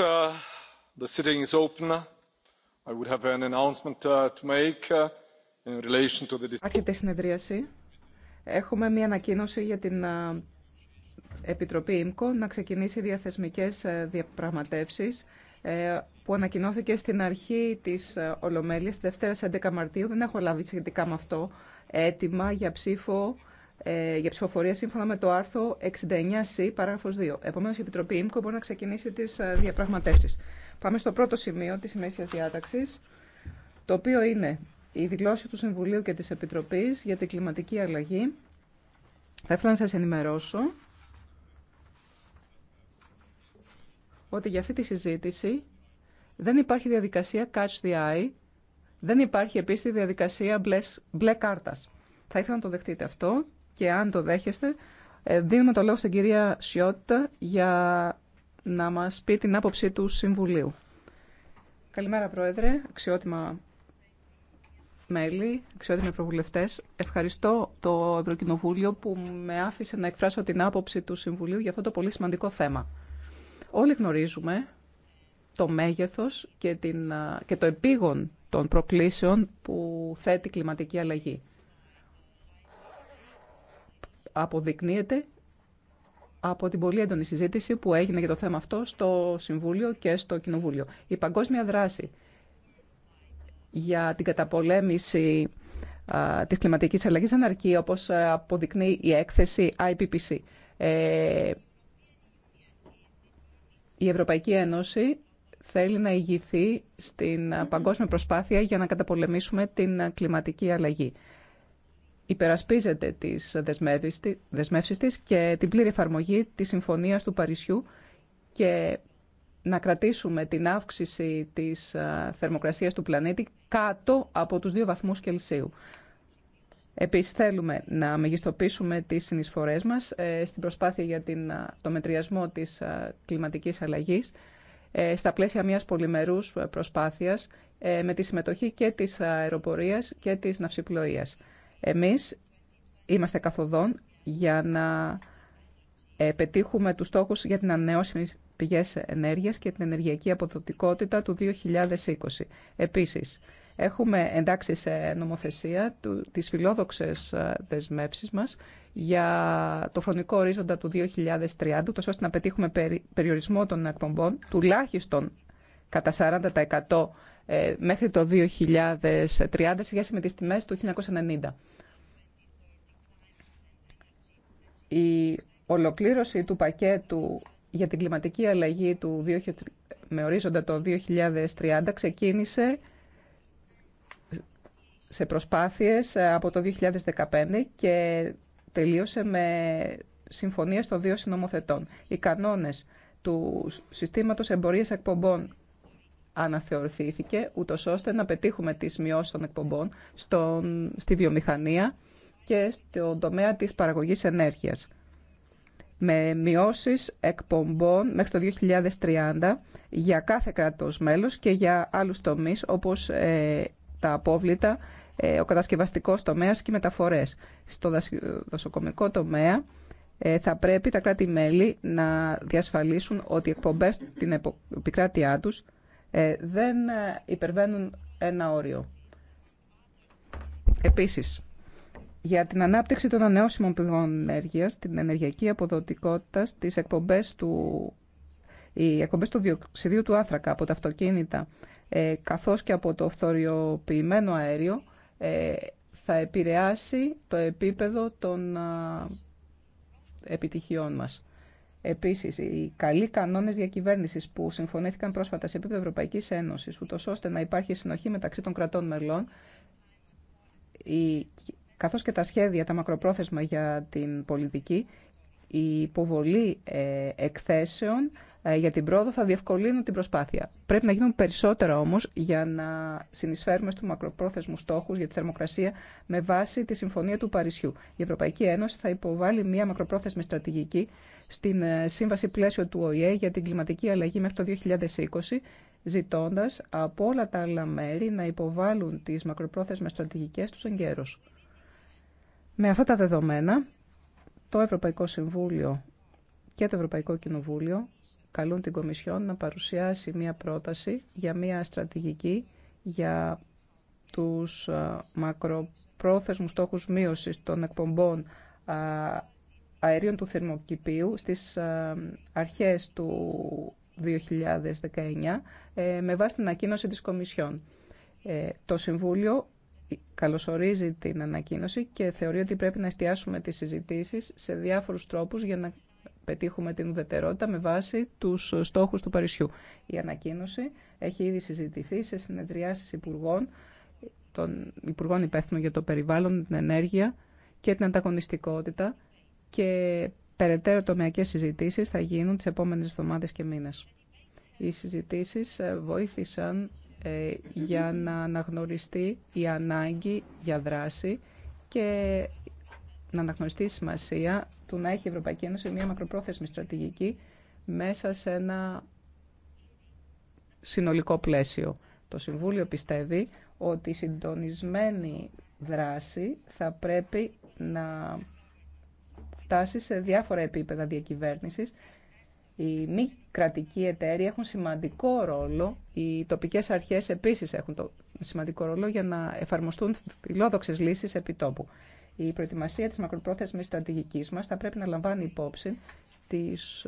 Uh, the sitting is open. I would have an announcement uh, to make uh, in relation Έχουμε μία ανακοίνωση για την Επιτροπή ΙΜΚΟ να ξεκινήσει διαθεσμικές ε, διαπραγματεύσεις ε, που ανακοινώθηκε στην αρχή της ε, Ολομέλειας, Δευτέρα 11 Μαρτίου. Δεν έχω λάβει σχετικά με αυτό έτοιμα για ψήφο ε, για ψηφοφορία σύμφωνα με το άρθρο 69C, παράγραφος 2. Επομένω η Επιτροπή ΙΜΚΟ μπορεί να ξεκινήσει τις ε, διαπραγματεύσει. Πάμε στο πρώτο σημείο τη ημέρησιας διάταξη, το οποίο είναι η δηλώση του Συμβουλίου και τη Επιτροπή για την κλιματική αλλαγή. Θα ήθελα να σα ενημερώσω ότι για αυτή τη συζήτηση δεν υπάρχει διαδικασία catch the eye, δεν υπάρχει επίσης διαδικασία μπλε κάρτας. Θα ήθελα να το δεχτείτε αυτό και αν το δέχεστε, ε, δίνουμε το λόγο στην κυρία Σιώτα για να μας πει την άποψη του Συμβουλίου. Καλημέρα, Πρόεδρε, αξιότιμα μέλη, αξιότιμοι προβουλευτέ. Ευχαριστώ το Ευρωκοινοβούλιο που με άφησε να εκφράσω την άποψη του Συμβουλίου για αυτό το πολύ σημαντικό θέμα. Όλοι γνωρίζουμε το μέγεθος και, την, και το επίγον των προκλήσεων που θέτει η κλιματική αλλαγή αποδεικνύεται από την πολύ έντονη συζήτηση που έγινε για το θέμα αυτό στο Συμβούλιο και στο Κοινοβούλιο. Η παγκόσμια δράση για την καταπολέμηση α, της κλιματικής αλλαγής δεν αρκεί, όπως αποδεικνύει η έκθεση IPPC. Ε, η Ευρωπαϊκή Ένωση θέλει να ηγηθεί στην παγκόσμια προσπάθεια για να καταπολεμήσουμε την κλιματική αλλαγή υπερασπίζεται τις δεσμεύσεις της και την πλήρη εφαρμογή της Συμφωνίας του Παρισιού και να κρατήσουμε την αύξηση της ε, θερμοκρασίας του πλανήτη κάτω από τους δύο βαθμούς Κελσίου. Επίσης θέλουμε να μεγιστοποιήσουμε τις συνεισφορές μας ε, στην προσπάθεια για την, ε, το μετριασμό της κλιματικής αλλαγής στα πλαίσια μιας πολυμερούς προσπάθειας με τη συμμετοχή και της αεροπορίας και της ναυσιπλοείας. Εμείς είμαστε καθοδόν για να ε, πετύχουμε τους στόχους για την ανανεώσιμη πηγές ενέργειας και την ενεργειακή αποδοτικότητα του 2020. Επίσης, έχουμε εντάξει σε νομοθεσία του, τις φιλόδοξες ε, δεσμεύσεις μας για το χρονικό ορίζοντα του 2030, τόσο ώστε να πετύχουμε περιορισμό των εκπομπών τουλάχιστον κατά 40% ε, μέχρι το 2030 σχέση με τις τιμές του 1990. Η ολοκλήρωση του πακέτου για την κλιματική αλλαγή του με ορίζοντα το 2030 ξεκίνησε σε προσπάθειες ε, από το 2015 και τελείωσε με συμφωνίες των δύο συνομοθετών. Οι κανόνες του συστήματος εμπορίας εκπομπών αναθεωρηθήθηκε, ούτω ώστε να πετύχουμε τις μειώσεις των εκπομπών στον, στη βιομηχανία και στον τομέα της παραγωγής ενέργειας. Με μειώσεις εκπομπών μέχρι το 2030 για κάθε κράτος μέλος και για άλλους τομείς όπως ε, τα απόβλητα, ε, ο κατασκευαστικός τομέας και οι μεταφορές. Στο δασοκομικό τομέα ε, θα πρέπει τα κράτη-μέλη να διασφαλίσουν ότι οι εκπομπές στην επικράτειά τους ε, δεν ε, υπερβαίνουν ένα όριο. Επίσης, για την ανάπτυξη των ανεώσιμων πηγών ενέργειας, την ενεργειακή αποδοτικότητα, τις εκπομπές του, οι εκπομπές του διοξιδίου του άνθρακα από τα αυτοκίνητα, ε, καθώς και από το φθοριοποιημένο αέριο, ε, θα επηρεάσει το επίπεδο των επιτυχιών μας. Επίση, οι καλοί κανόνε διακυβέρνηση που συμφωνήθηκαν πρόσφατα σε επίπεδο Ευρωπαϊκή Ένωση, ούτω ώστε να υπάρχει συνοχή μεταξύ των κρατών μελών, καθώ και τα σχέδια, τα μακροπρόθεσμα για την πολιτική, η υποβολή ε, εκθέσεων ε, για την πρόοδο θα διευκολύνουν την προσπάθεια. Πρέπει να γίνουν περισσότερα όμω για να συνεισφέρουμε στου μακροπρόθεσμου στόχου για τη θερμοκρασία με βάση τη Συμφωνία του Παρισιού. Η Ευρωπαϊκή Ένωση θα υποβάλει μια μακροπρόθεσμη στρατηγική στην ε, Σύμβαση Πλαίσιο του ΟΗΕ για την κλιματική αλλαγή μέχρι το 2020, ζητώντα από όλα τα άλλα μέρη να υποβάλουν τις μακροπρόθεσμες στρατηγικές τους εγκαίρως. Με αυτά τα δεδομένα, το Ευρωπαϊκό Συμβούλιο και το Ευρωπαϊκό Κοινοβούλιο καλούν την Κομισιόν να παρουσιάσει μία πρόταση για μία στρατηγική για τους ε, μακροπρόθεσμους στόχους μείωσης των εκπομπών αερίων του θερμοκηπίου στις ε, αρχές του 2019 ε, με βάση την ανακοίνωση της Κομισιόν. Ε, το Συμβούλιο καλωσορίζει την ανακοίνωση και θεωρεί ότι πρέπει να εστιάσουμε τις συζητήσεις σε διάφορους τρόπους για να πετύχουμε την ουδετερότητα με βάση τους στόχους του Παρισιού. Η ανακοίνωση έχει ήδη συζητηθεί σε συνεδριάσεις υπουργών, των υπουργών υπεύθυνων για το περιβάλλον, την ενέργεια και την ανταγωνιστικότητα και περαιτέρω τομεακές συζητήσεις θα γίνουν τις επόμενες εβδομάδες και μήνες. Οι συζητήσεις ε, βοήθησαν ε, για να αναγνωριστεί η ανάγκη για δράση και να αναγνωριστεί η σημασία του να έχει η Ευρωπαϊκή Ένωση μια μακροπρόθεσμη στρατηγική μέσα σε ένα συνολικό πλαίσιο. Το Συμβούλιο πιστεύει ότι η συντονισμένη δράση θα πρέπει να φτάσει σε διάφορα επίπεδα διακυβέρνησης. Οι μη κρατικοί εταίροι έχουν σημαντικό ρόλο, οι τοπικές αρχές επίσης έχουν το σημαντικό ρόλο για να εφαρμοστούν φιλόδοξες λύσεις επί τόπου. Η προετοιμασία της μακροπρόθεσμης στρατηγικής μας θα πρέπει να λαμβάνει υπόψη τις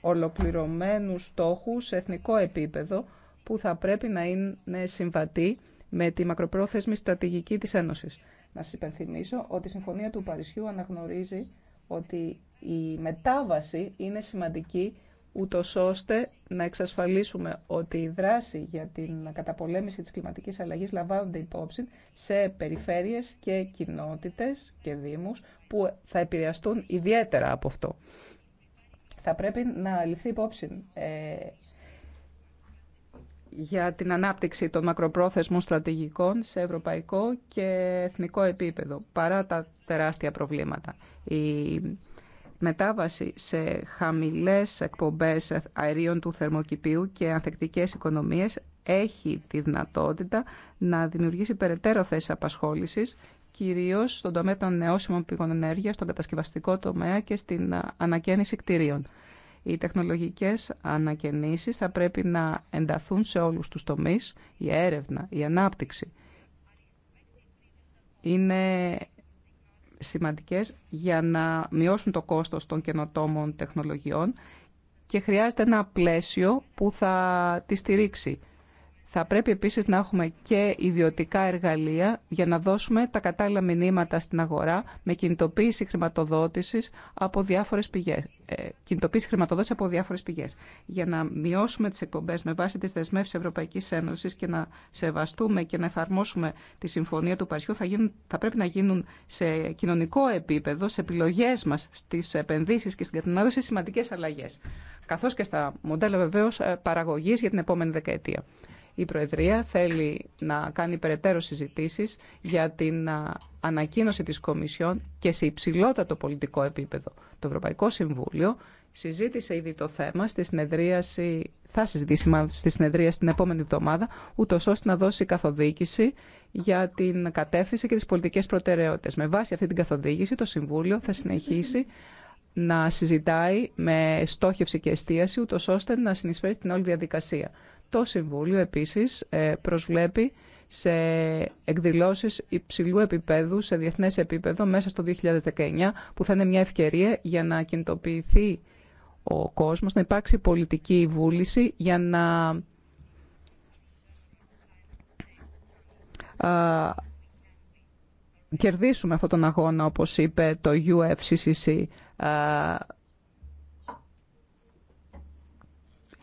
ολοκληρωμένου στόχου σε εθνικό επίπεδο που θα πρέπει να είναι συμβατή με τη μακροπρόθεσμη στρατηγική της Ένωσης. Να σας υπενθυμίσω ότι η Συμφωνία του Παρισιού αναγνωρίζει ότι η μετάβαση είναι σημαντική ούτω ώστε να εξασφαλίσουμε ότι η δράση για την καταπολέμηση της κλιματικής αλλαγής λαμβάνονται υπόψη σε περιφέρειες και κοινότητες και δήμους που θα επηρεαστούν ιδιαίτερα από αυτό. Θα πρέπει να ληφθεί υπόψη ε, για την ανάπτυξη των μακροπρόθεσμων στρατηγικών σε ευρωπαϊκό και εθνικό επίπεδο, παρά τα τεράστια προβλήματα. Η μετάβαση σε χαμηλές εκπομπές αερίων του θερμοκηπίου και ανθεκτικές οικονομίες έχει τη δυνατότητα να δημιουργήσει περαιτέρω θέσεις απασχόλησης, κυρίως στον τομέα των νεώσιμων πηγών ενέργειας, στον κατασκευαστικό τομέα και στην ανακαίνιση κτηρίων. Οι τεχνολογικές ανακαινήσεις θα πρέπει να ενταθούν σε όλους τους τομείς, η έρευνα, η ανάπτυξη. Είναι σημαντικές για να μειώσουν το κόστος των καινοτόμων τεχνολογιών και χρειάζεται ένα πλαίσιο που θα τη στηρίξει θα πρέπει επίσης να έχουμε και ιδιωτικά εργαλεία για να δώσουμε τα κατάλληλα μηνύματα στην αγορά με κινητοποίηση χρηματοδότησης από διάφορες πηγές. Ε, κινητοποίηση χρηματοδότηση από διάφορες πηγές. Για να μειώσουμε τις εκπομπές με βάση τις δεσμεύσεις Ευρωπαϊκής Ένωσης και να σεβαστούμε και να εφαρμόσουμε τη Συμφωνία του Παρισιού θα, γίνουν, θα πρέπει να γίνουν σε κοινωνικό επίπεδο, σε επιλογές μας, στις επενδύσεις και στην κατανάλωση σημαντικές αλλαγές. Καθώς και στα μοντέλα βεβαίω ε, παραγωγής για την επόμενη δεκαετία. Η Προεδρία θέλει να κάνει περαιτέρω συζητήσεις για την ανακοίνωση της Κομισιόν και σε υψηλότατο πολιτικό επίπεδο. Το Ευρωπαϊκό Συμβούλιο συζήτησε ήδη το θέμα στη συνεδρίαση, θα συζητήσει μάλλον στη συνεδρίαση την επόμενη εβδομάδα, ούτω ώστε να δώσει καθοδήγηση για την κατεύθυνση και τις πολιτικές προτεραιότητες. Με βάση αυτή την καθοδήγηση το Συμβούλιο θα συνεχίσει να συζητάει με στόχευση και εστίαση, ούτω ώστε να συνεισφέρει την όλη διαδικασία. Το Συμβούλιο επίσης ε, προσβλέπει σε εκδηλώσεις υψηλού επίπεδου, σε διεθνές επίπεδο μέσα στο 2019 που θα είναι μια ευκαιρία για να κινητοποιηθεί ο κόσμος, να υπάρξει πολιτική βούληση για να κερδίσουμε αυτόν τον αγώνα, όπως είπε το UFCCC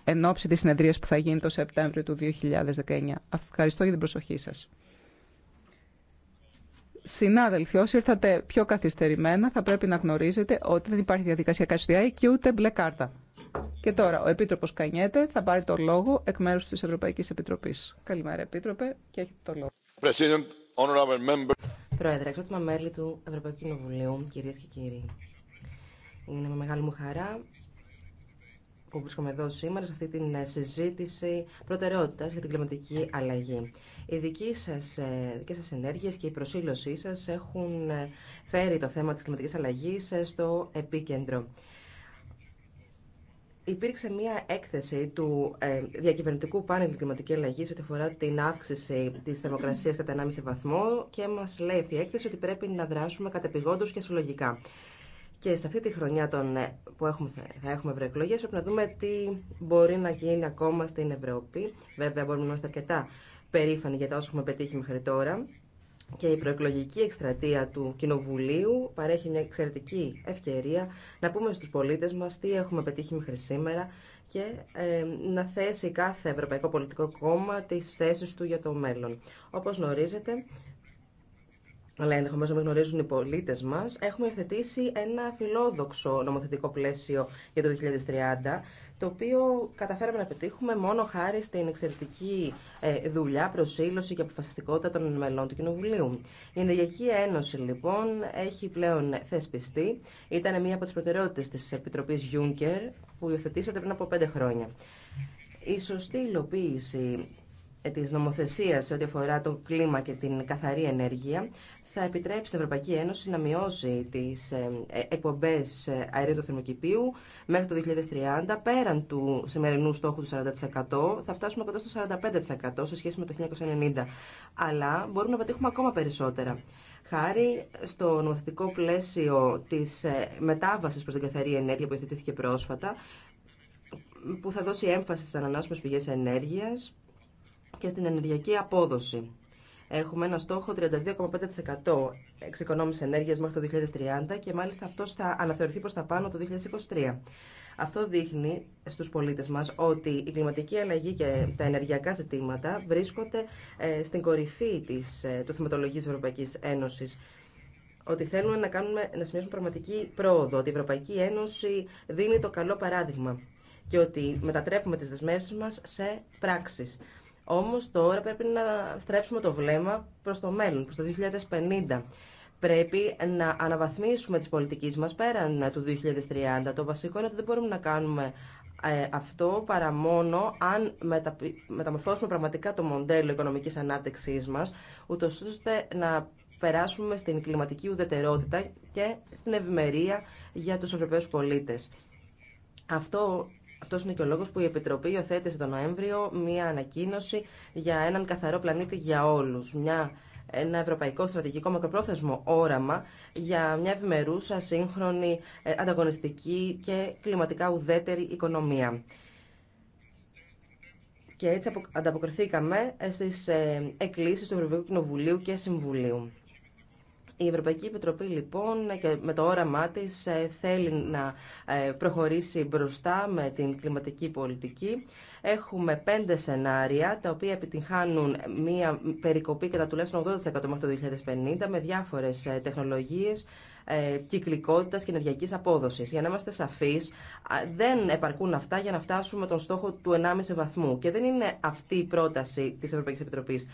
εν ώψη της συνεδρίας που θα γίνει το Σεπτέμβριο του 2019. Ευχαριστώ για την προσοχή σας. Συνάδελφοι, όσοι ήρθατε πιο καθυστερημένα, θα πρέπει να γνωρίζετε ότι δεν υπάρχει διαδικασία καστιά και ούτε μπλε κάρτα. Και τώρα ο Επίτροπο Κανιέτε θα πάρει το λόγο εκ μέρου τη Ευρωπαϊκή Επιτροπή. Καλημέρα, Επίτροπε, και έχετε το λόγο. Πρόεδρε, εξότιμα μέλη του Ευρωπαϊκού Κοινοβουλίου, κυρίε και κύριοι. Είναι με μεγάλη μου χαρά που βρίσκομαι εδώ σήμερα σε αυτή την ε, συζήτηση προτεραιότητα για την κλιματική αλλαγή. Οι δικέ σα ε, δικές σας ενέργειες και η προσήλωσή σας έχουν ε, φέρει το θέμα της κλιματικής αλλαγής στο επίκεντρο. Υπήρξε μία έκθεση του διακυβερνητικού πάνελ κλιματική αλλαγή ό,τι αφορά την αύξηση τη θερμοκρασία κατά 1,5 βαθμό και μα λέει αυτή η έκθεση ότι πρέπει να δράσουμε κατεπηγόντω και συλλογικά. Και σε αυτή τη χρονιά των, ε, που έχουμε, θα έχουμε ευρωεκλογέ, πρέπει να δούμε τι μπορεί να γίνει ακόμα στην Ευρώπη. Βέβαια, μπορούμε να είμαστε αρκετά περήφανοι για τα όσα έχουμε πετύχει μέχρι τώρα. Και η προεκλογική εκστρατεία του Κοινοβουλίου παρέχει μια εξαιρετική ευκαιρία να πούμε στου πολίτες μας τι έχουμε πετύχει μέχρι σήμερα και ε, να θέσει κάθε Ευρωπαϊκό Πολιτικό Κόμμα τις θέσεις του για το μέλλον. Όπως γνωρίζετε, αλλά ενδεχομένω να γνωρίζουν οι πολίτε μα, έχουμε υιοθετήσει ένα φιλόδοξο νομοθετικό πλαίσιο για το 2030, το οποίο καταφέραμε να πετύχουμε μόνο χάρη στην εξαιρετική ε, δουλειά, προσήλωση και αποφασιστικότητα των μελών του Κοινοβουλίου. Η Ενεργειακή Ένωση, λοιπόν, έχει πλέον θεσπιστεί. Ήταν μία από τι προτεραιότητε τη Επιτροπή Juncker, που υιοθετήσατε πριν από πέντε χρόνια. Η σωστή υλοποίηση ε, της νομοθεσίας σε ό,τι αφορά το κλίμα και την καθαρή ενέργεια θα επιτρέψει στην Ευρωπαϊκή Ένωση να μειώσει τις ε, ε, εκπομπές ε, αερίου του θερμοκηπίου μέχρι το 2030, πέραν του σημερινού στόχου του 40%, θα φτάσουμε κοντά στο 45% σε σχέση με το 1990. Αλλά μπορούμε να πετύχουμε ακόμα περισσότερα. Χάρη στο νομοθετικό πλαίσιο της μετάβασης προς την καθαρή ενέργεια που εθετήθηκε πρόσφατα, που θα δώσει έμφαση στι ανανεώσιμε πηγέ ενέργεια και στην ενεργειακή απόδοση. Έχουμε ένα στόχο 32,5% εξοικονόμηση ενέργειας μέχρι το 2030 και μάλιστα αυτό θα αναθεωρηθεί προ τα πάνω το 2023. Αυτό δείχνει στους πολίτες μας ότι η κλιματική αλλαγή και τα ενεργειακά ζητήματα βρίσκονται ε, στην κορυφή της, ε, του θεματολογίου της Ευρωπαϊκής Ένωσης ότι θέλουμε να, κάνουμε, να σημειώσουμε πραγματική πρόοδο, ότι η Ευρωπαϊκή Ένωση δίνει το καλό παράδειγμα και ότι μετατρέπουμε τις δεσμεύσεις μας σε πράξεις. Όμως τώρα πρέπει να στρέψουμε το βλέμμα προς το μέλλον, προς το 2050. Πρέπει να αναβαθμίσουμε τις πολιτικές μας πέραν του 2030. Το βασικό είναι ότι δεν μπορούμε να κάνουμε ε, αυτό παρά μόνο αν μεταμορφώσουμε πραγματικά το μοντέλο οικονομικής ανάπτυξής μας, ούτως ώστε να περάσουμε στην κλιματική ουδετερότητα και στην ευημερία για τους Ευρωπαίους πολίτες. Αυτό αυτό είναι και ο λόγο που η Επιτροπή υιοθέτησε τον Νοέμβριο μια ανακοίνωση για έναν καθαρό πλανήτη για όλου. Ένα ευρωπαϊκό στρατηγικό μακροπρόθεσμο όραμα για μια ευημερούσα, σύγχρονη, ε, ανταγωνιστική και κλιματικά ουδέτερη οικονομία. Και έτσι ανταποκριθήκαμε ε, στις ε, εκκλήσεις του Ευρωπαϊκού Κοινοβουλίου και Συμβουλίου. Η Ευρωπαϊκή Επιτροπή λοιπόν με το όραμά της ε, θέλει να ε, προχωρήσει μπροστά με την κλιματική πολιτική. Έχουμε πέντε σενάρια τα οποία επιτυγχάνουν μία περικοπή κατά τουλάχιστον 80% μέχρι το 2050 με διάφορες ε, τεχνολογίες κυκλικότητα και ενεργειακή απόδοση. Για να είμαστε σαφεί, δεν επαρκούν αυτά για να φτάσουμε τον στόχο του 1,5 βαθμού. Και δεν είναι αυτή η πρόταση τη Ευρωπαϊκή Επιτροπή.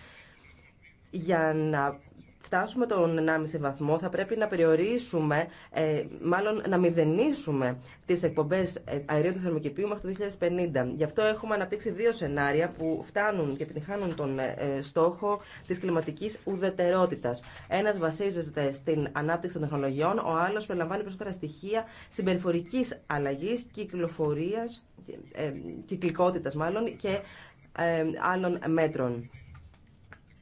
Για να φτάσουμε τον 1,5 βαθμό θα πρέπει να περιορίσουμε, ε, μάλλον να μηδενίσουμε τις εκπομπές ε, αερίου του θερμοκηπίου μέχρι το 2050. Γι' αυτό έχουμε αναπτύξει δύο σενάρια που φτάνουν και επιτυχάνουν τον ε, στόχο της κλιματικής ουδετερότητας. Ένας βασίζεται στην ανάπτυξη των τεχνολογιών, ο άλλος περιλαμβάνει περισσότερα στοιχεία συμπεριφορικής αλλαγής, κυκλοφορίας, κυκλικότητας μάλλον και άλλων μέτρων.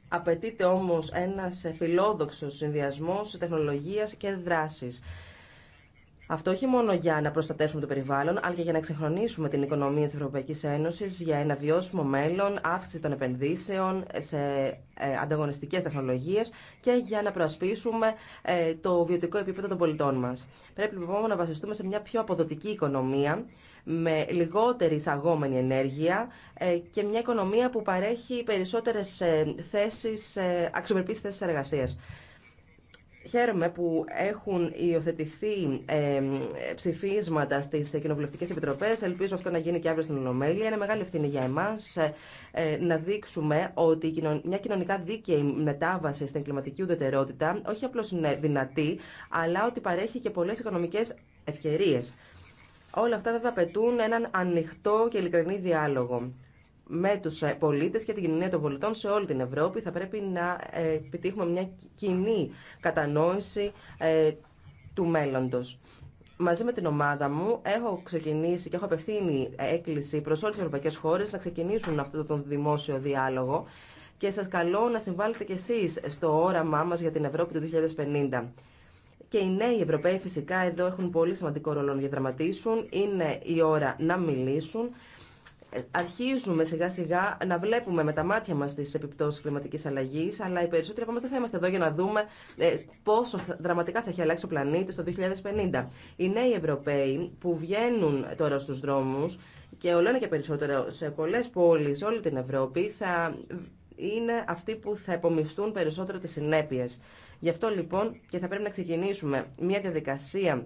Απαιτείται όμως ένας φιλόδοξος συνδυασμός τεχνολογίας και δράσης. Αυτό όχι μόνο για να προστατεύσουμε το περιβάλλον, αλλά και για να ξεχρονίσουμε την οικονομία της Ευρωπαϊκής Ένωσης για ένα βιώσιμο μέλλον, αύξηση των επενδύσεων σε ε, ανταγωνιστικές τεχνολογίες και για να προασπίσουμε ε, το βιωτικό επίπεδο των πολιτών μας. Πρέπει λοιπόν να βασιστούμε σε μια πιο αποδοτική οικονομία με λιγότερη εισαγόμενη ενέργεια ε, και μια οικονομία που παρέχει περισσότερες ε, θέσεις, ε, αξιοπρεπείς θέσεις εργασίας. Χαίρομαι που έχουν υιοθετηθεί ψηφίσματα στι κοινοβουλευτικέ επιτροπέ. Ελπίζω αυτό να γίνει και αύριο στην Ονομέλη. Είναι μεγάλη ευθύνη για εμά να δείξουμε ότι μια κοινωνικά δίκαιη μετάβαση στην κλιματική ουδετερότητα όχι απλώ είναι δυνατή, αλλά ότι παρέχει και πολλέ οικονομικέ ευκαιρίε. Όλα αυτά βέβαια απαιτούν έναν ανοιχτό και ειλικρινή διάλογο με του ε, πολίτε και την κοινωνία των πολιτών σε όλη την Ευρώπη. Θα πρέπει να ε, επιτύχουμε μια κοινή κατανόηση ε, του μέλλοντο. Μαζί με την ομάδα μου έχω ξεκινήσει και έχω απευθύνει έκκληση προ όλε τι ευρωπαϊκές χώρες να ξεκινήσουν αυτό τον δημόσιο διάλογο και σας καλώ να συμβάλλετε κι εσείς στο όραμά μας για την Ευρώπη του 2050 και οι νέοι Ευρωπαίοι φυσικά εδώ έχουν πολύ σημαντικό ρόλο να διαδραματίσουν. Είναι η ώρα να μιλήσουν. Αρχίζουμε σιγά σιγά να βλέπουμε με τα μάτια μα τις επιπτώσεις κλιματική αλλαγή, αλλά οι περισσότεροι από εμά δεν θα είμαστε εδώ για να δούμε ε, πόσο δραματικά θα έχει αλλάξει ο πλανήτη το 2050. Οι νέοι Ευρωπαίοι που βγαίνουν τώρα στου δρόμου και όλο ένα και περισσότερο σε πολλέ πόλει σε όλη την Ευρώπη, θα είναι αυτοί που θα επομιστούν περισσότερο τι συνέπειε. Γι' αυτό λοιπόν και θα πρέπει να ξεκινήσουμε μια διαδικασία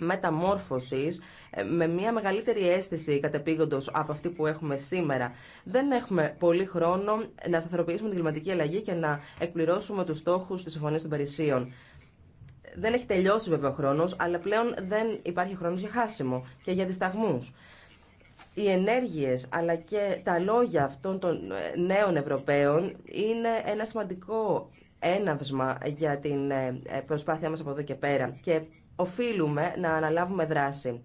μεταμόρφωσης ε, με μια μεγαλύτερη αίσθηση κατεπήγοντος από αυτή που έχουμε σήμερα. Δεν έχουμε πολύ χρόνο να σταθεροποιήσουμε την κλιματική αλλαγή και να εκπληρώσουμε τους στόχους της Συμφωνίας των Παρισίων. Δεν έχει τελειώσει βέβαια ο χρόνος, αλλά πλέον δεν υπάρχει χρόνος για χάσιμο και για δισταγμούς. Οι ενέργειες αλλά και τα λόγια αυτών των ε, νέων Ευρωπαίων είναι ένα σημαντικό έναυσμα για την ε, ε, προσπάθειά μας από εδώ και πέρα και οφείλουμε να αναλάβουμε δράση.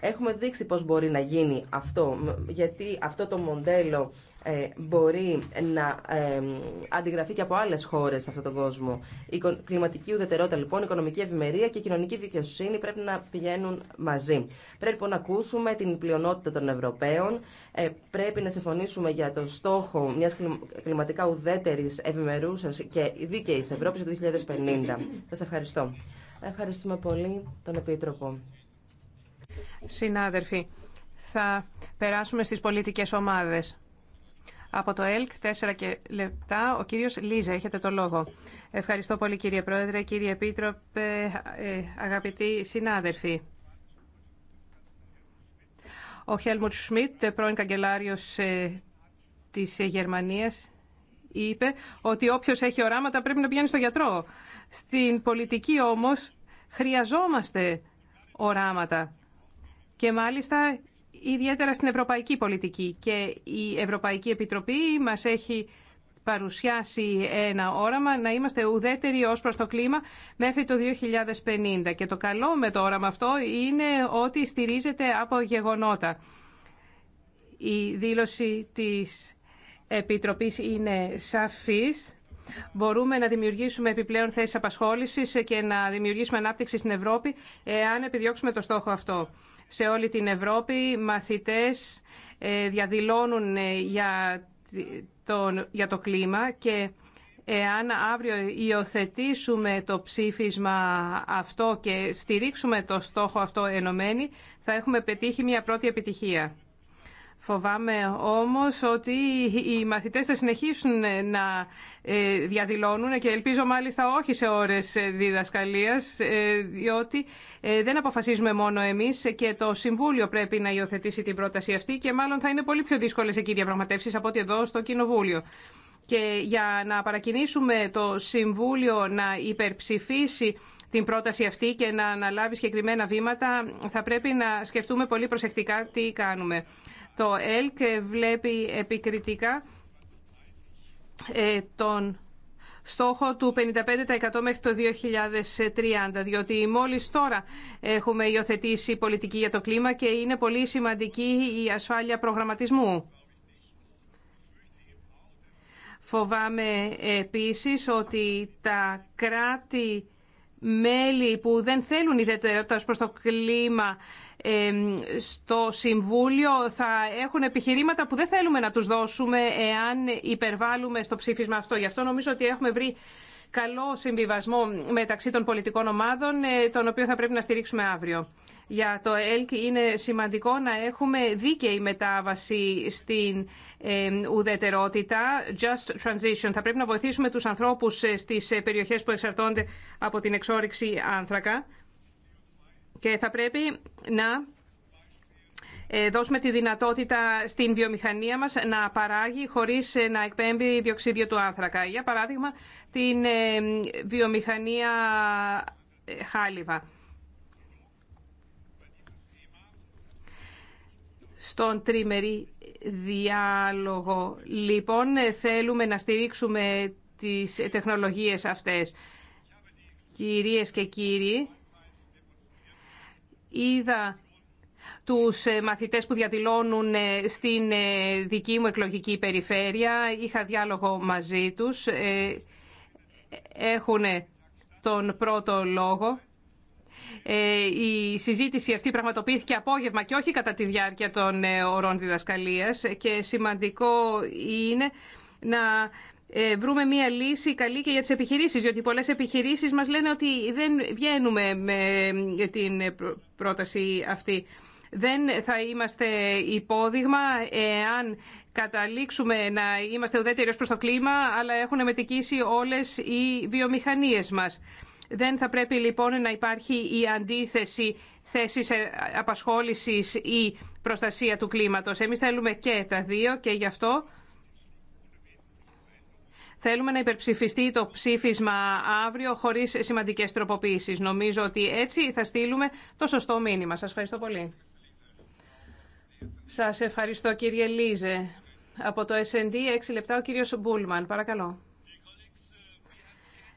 Έχουμε δείξει πώς μπορεί να γίνει αυτό, γιατί αυτό το μοντέλο ε, μπορεί να ε, αντιγραφεί και από άλλες χώρες σε αυτόν τον κόσμο. Η κλιματική ουδετερότητα, λοιπόν, η οικονομική ευημερία και η κοινωνική δικαιοσύνη πρέπει να πηγαίνουν μαζί. Πρέπει λοιπόν, να ακούσουμε την πλειονότητα των Ευρωπαίων, ε, πρέπει να συμφωνήσουμε για το στόχο μιας κλιματικά ουδέτερης, ευημερούσας και δίκαιης Ευρώπης το 2050. Σας ευχαριστώ. Ευχαριστούμε πολύ τον Επίτροπο. Συνάδελφοι, θα περάσουμε στις πολιτικές ομάδες. Από το ΕΛΚ, τέσσερα λεπτά, ο κύριος Λίζα, έχετε το λόγο. Ευχαριστώ πολύ κύριε Πρόεδρε, κύριε Επίτροπε, ε, αγαπητοί συνάδελφοι. Ο Χέλμουτ Σμιτ, πρώην καγκελάριος ε, της Γερμανίας, είπε ότι όποιος έχει οράματα πρέπει να πηγαίνει στο γιατρό. Στην πολιτική όμως χρειαζόμαστε οράματα και μάλιστα ιδιαίτερα στην ευρωπαϊκή πολιτική. Και η Ευρωπαϊκή Επιτροπή μας έχει παρουσιάσει ένα όραμα να είμαστε ουδέτεροι ως προς το κλίμα μέχρι το 2050. Και το καλό με το όραμα αυτό είναι ότι στηρίζεται από γεγονότα. Η δήλωση της Επιτροπής είναι σαφής. Μπορούμε να δημιουργήσουμε επιπλέον θέσεις απασχόλησης και να δημιουργήσουμε ανάπτυξη στην Ευρώπη εάν επιδιώξουμε το στόχο αυτό σε όλη την Ευρώπη μαθητές ε, διαδηλώνουν ε, για το, για το κλίμα και εάν αύριο υιοθετήσουμε το ψήφισμα αυτό και στηρίξουμε το στόχο αυτό ενωμένοι, θα έχουμε πετύχει μια πρώτη επιτυχία. Φοβάμαι όμως ότι οι μαθητές θα συνεχίσουν να ε, διαδηλώνουν και ελπίζω μάλιστα όχι σε ώρες ε, διδασκαλίας, ε, διότι δεν αποφασίζουμε μόνο εμείς και το Συμβούλιο πρέπει να υιοθετήσει την πρόταση αυτή και μάλλον θα είναι πολύ πιο δύσκολες εκεί οι διαπραγματεύσεις από ό,τι εδώ στο Κοινοβούλιο. Και για να παρακινήσουμε το Συμβούλιο να υπερψηφίσει την πρόταση αυτή και να αναλάβει συγκεκριμένα βήματα, θα πρέπει να σκεφτούμε πολύ προσεκτικά τι κάνουμε. Το ΕΛΚ βλέπει επικριτικά ε, τον στόχο του 55% μέχρι το 2030, διότι μόλις τώρα έχουμε υιοθετήσει πολιτική για το κλίμα και είναι πολύ σημαντική η ασφάλεια προγραμματισμού. Φοβάμαι επίσης ότι τα κράτη μέλη που δεν θέλουν ιδιαιτερότητα προς το κλίμα στο Συμβούλιο θα έχουν επιχειρήματα που δεν θέλουμε να τους δώσουμε εάν υπερβάλλουμε στο ψήφισμα αυτό. Γι' αυτό νομίζω ότι έχουμε βρει καλό συμβιβασμό μεταξύ των πολιτικών ομάδων, ε, τον οποίο θα πρέπει να στηρίξουμε αύριο. Για το ΕΛΚ είναι σημαντικό να έχουμε δίκαιη μετάβαση στην ε, ουδετερότητα, just transition. Θα πρέπει να βοηθήσουμε τους ανθρώπους ε, στις περιοχές που εξαρτώνται από την εξόριξη άνθρακα και θα πρέπει να ε, δώσουμε τη δυνατότητα στην βιομηχανία μας να παράγει χωρίς ε, να εκπέμπει διοξίδιο του άνθρακα. Για παράδειγμα, την ε, βιομηχανία χάλιβα. Στον τριμερή διάλογο, λοιπόν, θέλουμε να στηρίξουμε τις τεχνολογίες αυτές. Κυρίες και κύριοι, είδα τους ε, μαθητές που διαδηλώνουν ε, στην ε, δική μου εκλογική περιφέρεια. Είχα διάλογο μαζί τους. Έχουν τον πρώτο λόγο. Η συζήτηση αυτή πραγματοποιήθηκε απόγευμα και όχι κατά τη διάρκεια των ωρών διδασκαλίας και σημαντικό είναι να βρούμε μία λύση καλή και για τις επιχειρήσεις, διότι πολλές επιχειρήσεις μας λένε ότι δεν βγαίνουμε με την πρόταση αυτή. Δεν θα είμαστε υπόδειγμα εάν καταλήξουμε να είμαστε ουδέτεροι προς το κλίμα, αλλά έχουν μετικήσει όλες οι βιομηχανίες μας. Δεν θα πρέπει λοιπόν να υπάρχει η αντίθεση θέσης απασχόλησης ή προστασία του κλίματος. Εμείς θέλουμε και τα δύο και γι' αυτό θέλουμε να υπερψηφιστεί το ψήφισμα αύριο χωρίς σημαντικές τροποποίησεις. Νομίζω ότι έτσι θα στείλουμε το σωστό μήνυμα. Σας ευχαριστώ πολύ. Σας ευχαριστώ κύριε Λίζε. Από το SND 6 λεπτά ο κύριος Μπούλμαν. Παρακαλώ.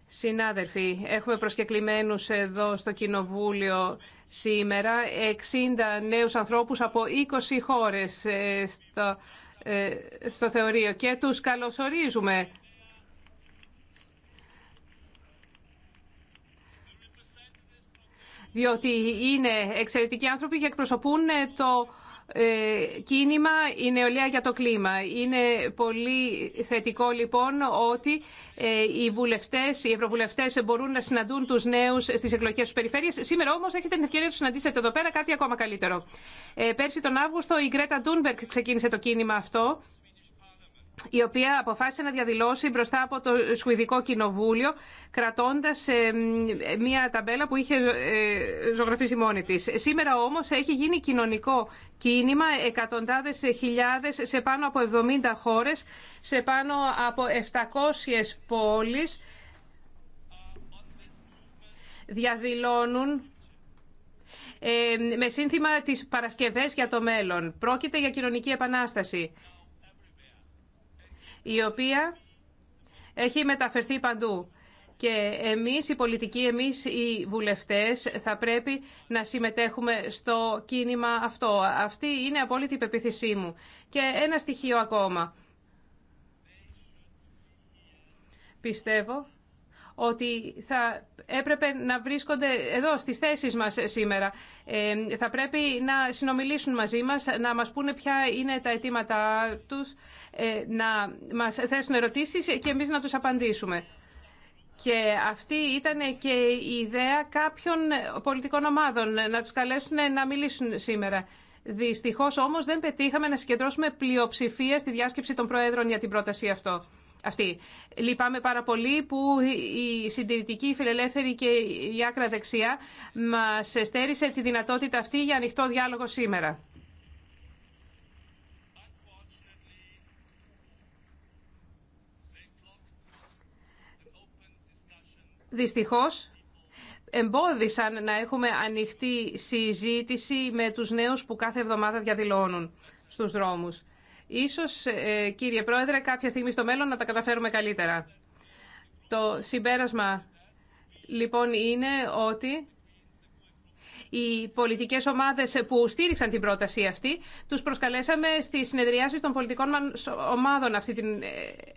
Συνάδελφοι, έχουμε προσκεκλημένους εδώ στο Κοινοβούλιο σήμερα 60 νέους ανθρώπους από 20 χώρες ε, στο, ε, στο θεωρείο και τους καλωσορίζουμε. Διότι είναι εξαιρετικοί άνθρωποι και εκπροσωπούν ε, το ε, κίνημα η νεολαία για το κλίμα. Είναι πολύ θετικό λοιπόν ότι ε, οι βουλευτές, οι ευρωβουλευτές μπορούν να συναντούν τους νέους στις εκλογικές του περιφέρειες. Σήμερα όμως έχετε την ευκαιρία να τους συναντήσετε εδώ πέρα κάτι ακόμα καλύτερο. Ε, πέρσι τον Αύγουστο η Γκρέτα Ντούνμπερκ ξεκίνησε το κίνημα αυτό η οποία αποφάσισε να διαδηλώσει μπροστά από το Σουηδικό Κοινοβούλιο, κρατώντας ε, μία ταμπέλα που είχε ε, ζωγραφίσει μόνη της. Σήμερα όμως έχει γίνει κοινωνικό κίνημα, εκατοντάδες χιλιάδες σε πάνω από 70 χώρες, σε πάνω από 700 πόλεις διαδηλώνουν ε, με σύνθημα τις Παρασκευές για το μέλλον. Πρόκειται για κοινωνική επανάσταση η οποία έχει μεταφερθεί παντού. Και εμείς οι πολιτικοί, εμείς οι βουλευτές θα πρέπει να συμμετέχουμε στο κίνημα αυτό. Αυτή είναι απόλυτη υπεποίθησή πεποίθησή μου. Και ένα στοιχείο ακόμα. Πιστεύω ότι θα έπρεπε να βρίσκονται εδώ στις θέσεις μας σήμερα. Ε, θα πρέπει να συνομιλήσουν μαζί μας, να μας πούνε ποια είναι τα αιτήματά τους, ε, να μας θέσουν ερωτήσεις και εμείς να τους απαντήσουμε. Και αυτή ήταν και η ιδέα κάποιων πολιτικών ομάδων, να τους καλέσουν να μιλήσουν σήμερα. Δυστυχώς όμως δεν πετύχαμε να συγκεντρώσουμε πλειοψηφία στη διάσκεψη των Προέδρων για την πρόταση αυτό αυτή. Λυπάμαι πάρα πολύ που η συντηρητική, η φιλελεύθερη και η άκρα δεξιά μας στέρισε τη δυνατότητα αυτή για ανοιχτό διάλογο σήμερα. Δυστυχώς, εμπόδισαν να έχουμε ανοιχτή συζήτηση με τους νέους που κάθε εβδομάδα διαδηλώνουν στους δρόμους. Ίσως, ε, κύριε Πρόεδρε, κάποια στιγμή στο μέλλον να τα καταφέρουμε καλύτερα. Το συμπέρασμα, λοιπόν, είναι ότι οι πολιτικές ομάδες που στήριξαν την πρόταση αυτή, τους προσκαλέσαμε στη συνεδριάσεις των πολιτικών ομάδων αυτή την ε,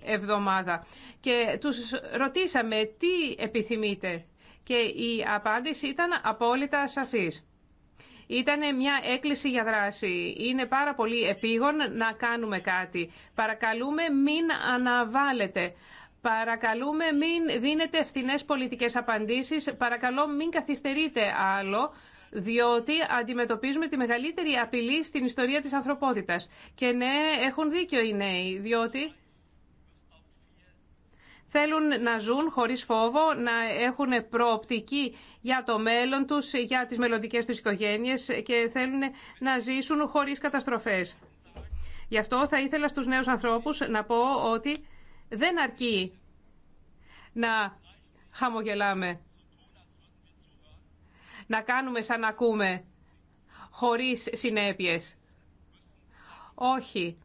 εβδομάδα. Και τους ρωτήσαμε τι επιθυμείτε. Και η απάντηση ήταν απόλυτα σαφής. Ήταν μια έκκληση για δράση. Είναι πάρα πολύ επίγον να κάνουμε κάτι. Παρακαλούμε μην αναβάλλετε. Παρακαλούμε μην δίνετε ευθυνές πολιτικές απαντήσεις. Παρακαλώ μην καθυστερείτε άλλο διότι αντιμετωπίζουμε τη μεγαλύτερη απειλή στην ιστορία της ανθρωπότητας. Και ναι, έχουν δίκιο οι νέοι, διότι θέλουν να ζουν χωρίς φόβο, να έχουν προοπτική για το μέλλον τους, για τις μελλοντικές τους οικογένειες και θέλουν να ζήσουν χωρίς καταστροφές. Γι' αυτό θα ήθελα στους νέους ανθρώπους να πω ότι δεν αρκεί να χαμογελάμε, να κάνουμε σαν να ακούμε, χωρίς συνέπειες. Όχι.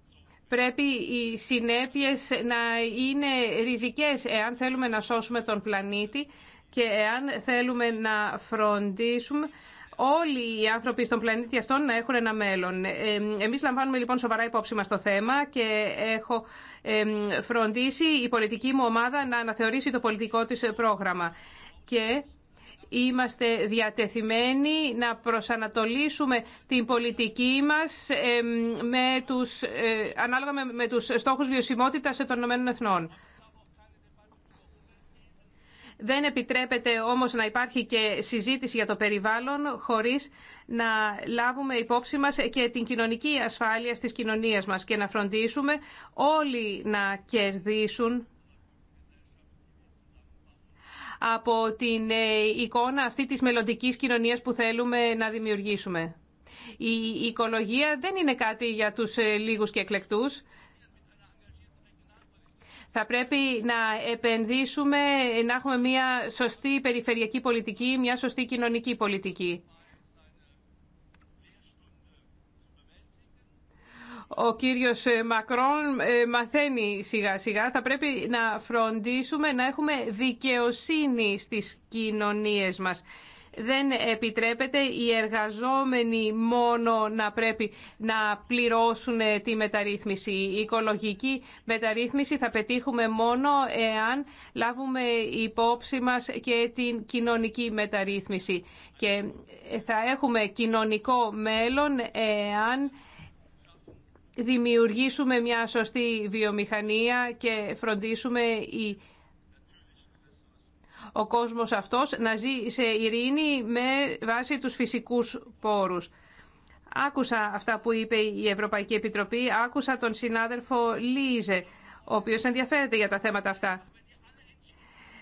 Πρέπει οι συνέπειες να είναι ριζικές εάν θέλουμε να σώσουμε τον πλανήτη και εάν θέλουμε να φροντίσουμε όλοι οι άνθρωποι στον πλανήτη αυτόν να έχουν ένα μέλλον. Ε, εμείς λαμβάνουμε λοιπόν σοβαρά υπόψη μας το θέμα και έχω φροντίσει η πολιτική μου ομάδα να αναθεωρήσει το πολιτικό της πρόγραμμα. Και Είμαστε διατεθειμένοι να προσανατολίσουμε την πολιτική μας με τους, ε, ανάλογα με, τους στόχους βιωσιμότητας των Εθνών. Δεν επιτρέπεται όμως να υπάρχει και συζήτηση για το περιβάλλον χωρίς να λάβουμε υπόψη μας και την κοινωνική ασφάλεια στις κοινωνίες μας και να φροντίσουμε όλοι να κερδίσουν από την ε, εικόνα αυτή της μελλοντική κοινωνίας που θέλουμε να δημιουργήσουμε. Η οικολογία δεν είναι κάτι για τους ε, λίγους και εκλεκτούς. Θα πρέπει να επενδύσουμε, να έχουμε μια σωστή περιφερειακή πολιτική, μια σωστή κοινωνική πολιτική. ο κύριος ε, Μακρόν ε, μαθαίνει σιγά σιγά. Θα πρέπει να φροντίσουμε να έχουμε δικαιοσύνη στις κοινωνίες μας. Δεν επιτρέπεται οι εργαζόμενοι μόνο να πρέπει να πληρώσουν ε, τη μεταρρύθμιση. Η οικολογική μεταρρύθμιση θα πετύχουμε μόνο εάν λάβουμε υπόψη μας και την κοινωνική μεταρρύθμιση. Και θα έχουμε κοινωνικό μέλλον εάν δημιουργήσουμε μια σωστή βιομηχανία και φροντίσουμε η... ο κόσμος αυτός να ζει σε ειρήνη με βάση τους φυσικούς πόρους. Άκουσα αυτά που είπε η Ευρωπαϊκή Επιτροπή, άκουσα τον συνάδελφο Λίζε, ο οποίος ενδιαφέρεται για τα θέματα αυτά.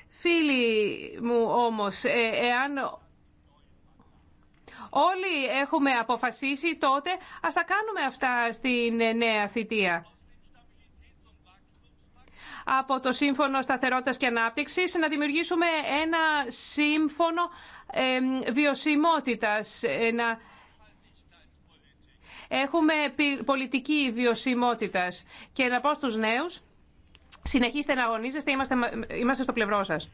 Φίλοι μου όμως, ε, εάν Όλοι έχουμε αποφασίσει τότε, ας τα κάνουμε αυτά στην νέα θητεία. Από το Σύμφωνο Σταθερότητας και Ανάπτυξης να δημιουργήσουμε ένα σύμφωνο βιωσιμότητας, ε, να έχουμε πολιτική βιωσιμότητας. Και να πω στους νέους, συνεχίστε να αγωνίζεστε, είμαστε, είμαστε στο πλευρό σας.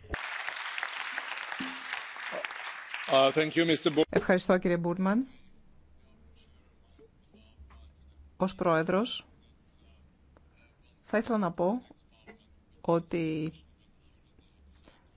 Uh, Ευχαριστώ κύριε Μπούρμαν. Ως πρόεδρος θα ήθελα να πω ότι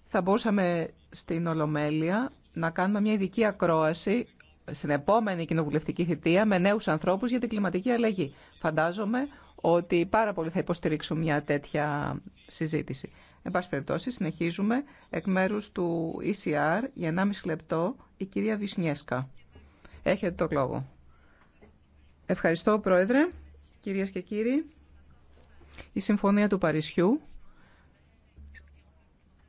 θα μπορούσαμε στην Ολομέλεια να κάνουμε μια ειδική ακρόαση στην επόμενη κοινοβουλευτική θητεία με νέους ανθρώπους για την κλιματική αλλαγή. Φαντάζομαι ότι πάρα πολύ θα υποστηρίξουν μια τέτοια συζήτηση. Εν πάση περιπτώσει, συνεχίζουμε εκ μέρου του ECR για 1,5 λεπτό η κυρία Βυσνιέσκα. Έχετε το λόγο. Ευχαριστώ, Πρόεδρε, κυρίε και κύριοι. Η Συμφωνία του Παρισιού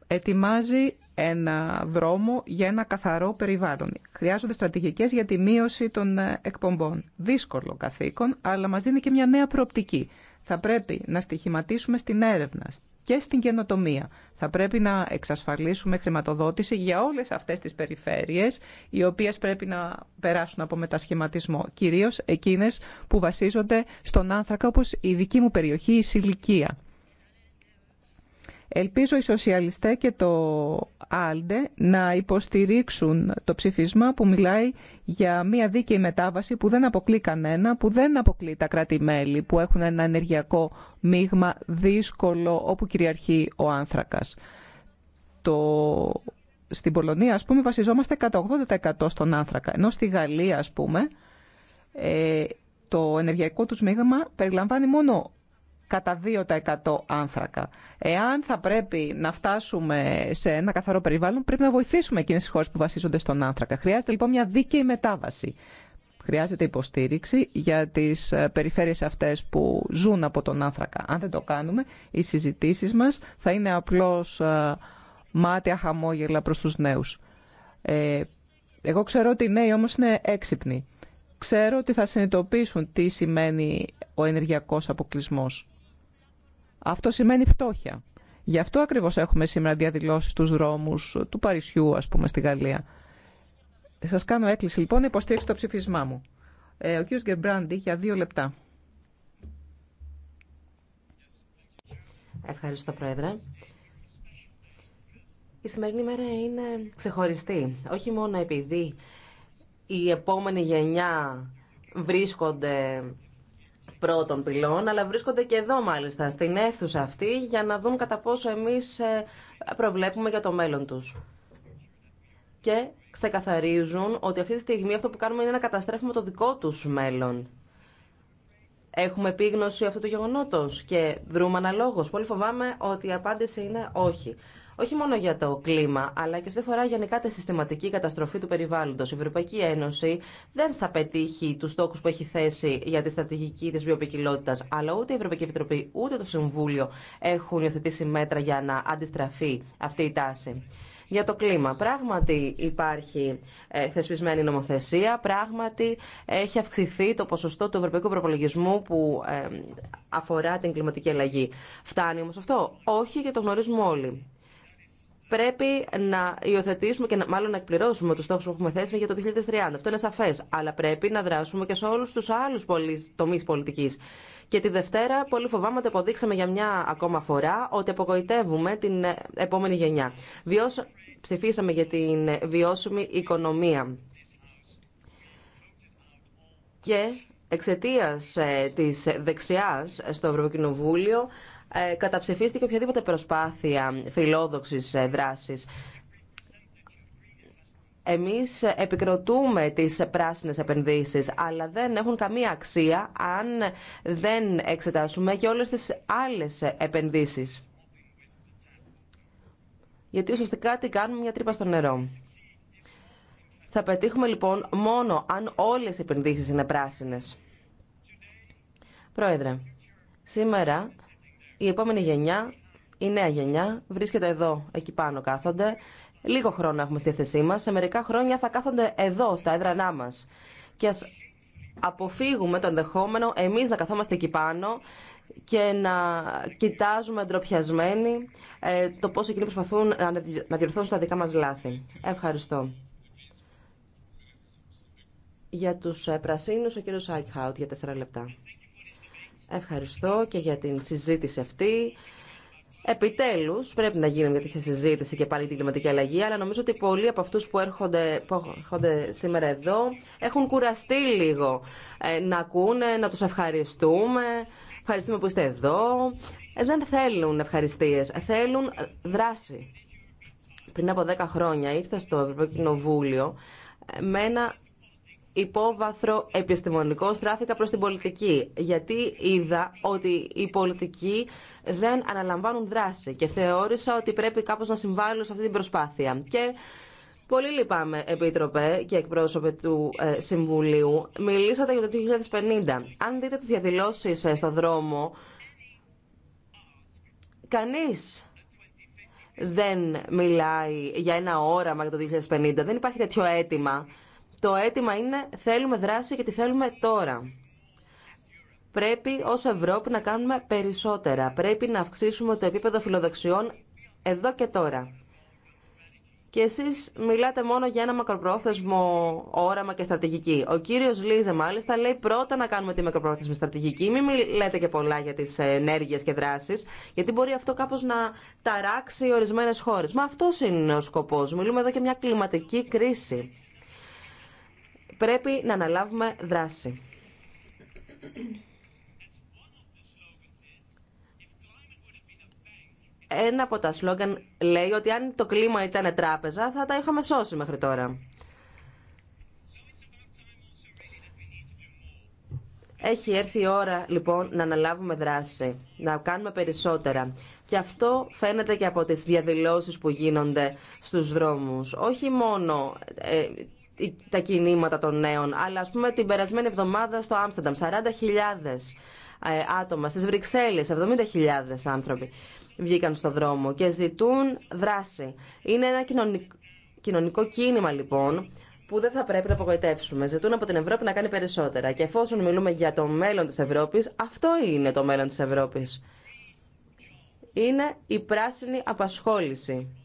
ετοιμάζει ένα δρόμο για ένα καθαρό περιβάλλον. Χρειάζονται στρατηγικές για τη μείωση των εκπομπών. Δύσκολο καθήκον, αλλά μας δίνει και μια νέα προοπτική. Θα πρέπει να στοιχηματίσουμε στην έρευνα και στην καινοτομία. Θα πρέπει να εξασφαλίσουμε χρηματοδότηση για όλες αυτές τις περιφέρειες, οι οποίες πρέπει να περάσουν από μετασχηματισμό, κυρίως εκείνες που βασίζονται στον άνθρακα, όπως η δική μου περιοχή, η Σιλικία. Ελπίζω οι σοσιαλιστές και το Άλντε να υποστηρίξουν το ψηφίσμα που μιλάει για μια δίκαιη μετάβαση που δεν αποκλεί κανένα, που δεν αποκλεί τα κράτη-μέλη που έχουν ένα ενεργειακό μείγμα δύσκολο όπου κυριαρχεί ο άνθρακας. Το... Στην Πολωνία, ας πούμε, βασιζόμαστε 180% στον άνθρακα, ενώ στη Γαλλία, ας πούμε, ε, το ενεργειακό τους μείγμα περιλαμβάνει μόνο κατά 2% άνθρακα. Εάν θα πρέπει να φτάσουμε σε ένα καθαρό περιβάλλον, πρέπει να βοηθήσουμε εκείνες τις χώρες που βασίζονται στον άνθρακα. Χρειάζεται λοιπόν μια δίκαιη μετάβαση. Χρειάζεται υποστήριξη για τις ε, περιφέρειες αυτές που ζουν από τον άνθρακα. Αν δεν το κάνουμε, οι συζητήσεις μας θα είναι απλώς ε, μάτια χαμόγελα προς τους νέους. Ε, εγώ ξέρω ότι οι νέοι όμως είναι έξυπνοι. Ξέρω ότι θα συνειδητοποιήσουν τι σημαίνει ο ενεργειακός αποκλεισμός. Αυτό σημαίνει φτώχεια. Γι' αυτό ακριβώς έχουμε σήμερα διαδηλώσεις στους δρόμους του Παρισιού, ας πούμε, στη Γαλλία. Σας κάνω έκκληση, λοιπόν, υποστήριξη το ψηφισμά μου. Ε, ο κύριος Γκερμπράντι για δύο λεπτά. Ευχαριστώ, Πρόεδρε. Η σημερινή μέρα είναι ξεχωριστή. Όχι μόνο επειδή η επόμενη γενιά βρίσκονται πρώτων πυλών, αλλά βρίσκονται και εδώ μάλιστα, στην αίθουσα αυτή, για να δουν κατά πόσο εμείς ε, προβλέπουμε για το μέλλον τους. Και ξεκαθαρίζουν ότι αυτή τη στιγμή αυτό που κάνουμε είναι να καταστρέφουμε το δικό τους μέλλον. Έχουμε επίγνωση αυτού του γεγονότος και βρούμε αναλόγως. Πολύ φοβάμαι ότι η απάντηση είναι όχι όχι μόνο για το κλίμα, αλλά και σε φορά γενικά τη συστηματική καταστροφή του περιβάλλοντο. Η Ευρωπαϊκή Ένωση δεν θα πετύχει του στόχου που έχει θέσει για τη στρατηγική τη βιοποικιλότητας, αλλά ούτε η Ευρωπαϊκή Επιτροπή ούτε το Συμβούλιο έχουν υιοθετήσει μέτρα για να αντιστραφεί αυτή η τάση. Για το κλίμα. Πράγματι υπάρχει ε, θεσπισμένη νομοθεσία, πράγματι έχει αυξηθεί το ποσοστό του ευρωπαϊκού προπολογισμού που ε, αφορά την κλιματική αλλαγή. Φτάνει όμως αυτό. Όχι και το γνωρίζουμε όλοι πρέπει να υιοθετήσουμε και να, μάλλον να εκπληρώσουμε του στόχου που έχουμε θέσει για το 2030. Αυτό είναι σαφέ. Αλλά πρέπει να δράσουμε και σε όλου του άλλου τομεί πολιτική. Και τη Δευτέρα, πολύ φοβάμαι ότι αποδείξαμε για μια ακόμα φορά ότι απογοητεύουμε την ε, επόμενη γενιά. Βιώσ... Ψηφίσαμε για την βιώσιμη οικονομία. Και εξαιτία ε, τη δεξιά στο Ευρωκοινοβούλιο, ε, καταψηφίστηκε οποιαδήποτε προσπάθεια φιλόδοξης ε, δράσης. Εμείς επικροτούμε τις πράσινες επενδύσεις, αλλά δεν έχουν καμία αξία αν δεν εξετάσουμε και όλες τις άλλες επενδύσεις. Γιατί ουσιαστικά τι κάνουμε μια τρύπα στο νερό. Θα πετύχουμε λοιπόν μόνο αν όλες οι επενδύσεις είναι πράσινες. Πρόεδρε, σήμερα η επόμενη γενιά, η νέα γενιά, βρίσκεται εδώ, εκεί πάνω κάθονται. Λίγο χρόνο έχουμε στη θέσή μα. Σε μερικά χρόνια θα κάθονται εδώ, στα έδρανά μα. Και α αποφύγουμε το ενδεχόμενο εμείς να καθόμαστε εκεί πάνω και να κοιτάζουμε ντροπιασμένοι ε, το πόσο εκείνοι προσπαθούν να διορθώσουν τα δικά μας λάθη. Ευχαριστώ. Για τους ε, πρασίνους, ο κύριος Άικχαουτ για τέσσερα λεπτά. Ευχαριστώ και για την συζήτηση αυτή. Επιτέλου, πρέπει να γίνει μια τέτοια συζήτηση και πάλι την κλιματική αλλαγή, αλλά νομίζω ότι πολλοί από αυτού που, έρχονται, που έρχονται σήμερα εδώ έχουν κουραστεί λίγο ε, να ακούνε, να του ευχαριστούμε. Ευχαριστούμε που είστε εδώ. Ε, δεν θέλουν ευχαριστίες, θέλουν δράση. Πριν από 10 χρόνια ήρθα στο Ευρωπαϊκό Κοινοβούλιο ε, με ένα υπόβαθρο επιστημονικό στράφηκα προς την πολιτική, γιατί είδα ότι οι πολιτικοί δεν αναλαμβάνουν δράση και θεώρησα ότι πρέπει κάπως να συμβάλλουν σε αυτή την προσπάθεια. Και Πολύ λυπάμαι, Επίτροπε και εκπρόσωπε του ε, Συμβουλίου. Μιλήσατε για το 2050. Αν δείτε τις διαδηλώσεις ε, στο δρόμο, κανείς δεν μιλάει για ένα όραμα για το 2050. Δεν υπάρχει τέτοιο αίτημα. Το αίτημα είναι θέλουμε δράση και τη θέλουμε τώρα. Πρέπει ως Ευρώπη να κάνουμε περισσότερα. Πρέπει να αυξήσουμε το επίπεδο φιλοδοξιών εδώ και τώρα. Και εσείς μιλάτε μόνο για ένα μακροπρόθεσμο όραμα και στρατηγική. Ο κύριος Λίζε μάλιστα λέει πρώτα να κάνουμε τη μακροπρόθεσμη στρατηγική. Μην μιλάτε και πολλά για τις ενέργειες και δράσεις, γιατί μπορεί αυτό κάπως να ταράξει ορισμένες χώρες. Μα αυτός είναι ο σκοπός. Μιλούμε εδώ και μια κλιματική κρίση πρέπει να αναλάβουμε δράση. Ένα από τα σλόγγαν λέει ότι αν το κλίμα ήταν τράπεζα θα τα είχαμε σώσει μέχρι τώρα. Έχει έρθει η ώρα λοιπόν να αναλάβουμε δράση, να κάνουμε περισσότερα. Και αυτό φαίνεται και από τις διαδηλώσεις που γίνονται στους δρόμους. Όχι μόνο ε, τα κινήματα των νέων. Αλλά ας πούμε την περασμένη εβδομάδα στο Άμστερνταμ 40.000 ε, άτομα, στις Βρυξέλλες 70.000 άνθρωποι βγήκαν στο δρόμο και ζητούν δράση. Είναι ένα κοινωνικό, κοινωνικό κίνημα λοιπόν που δεν θα πρέπει να απογοητεύσουμε. Ζητούν από την Ευρώπη να κάνει περισσότερα. Και εφόσον μιλούμε για το μέλλον της Ευρώπης, αυτό είναι το μέλλον της Ευρώπης. Είναι η πράσινη απασχόληση.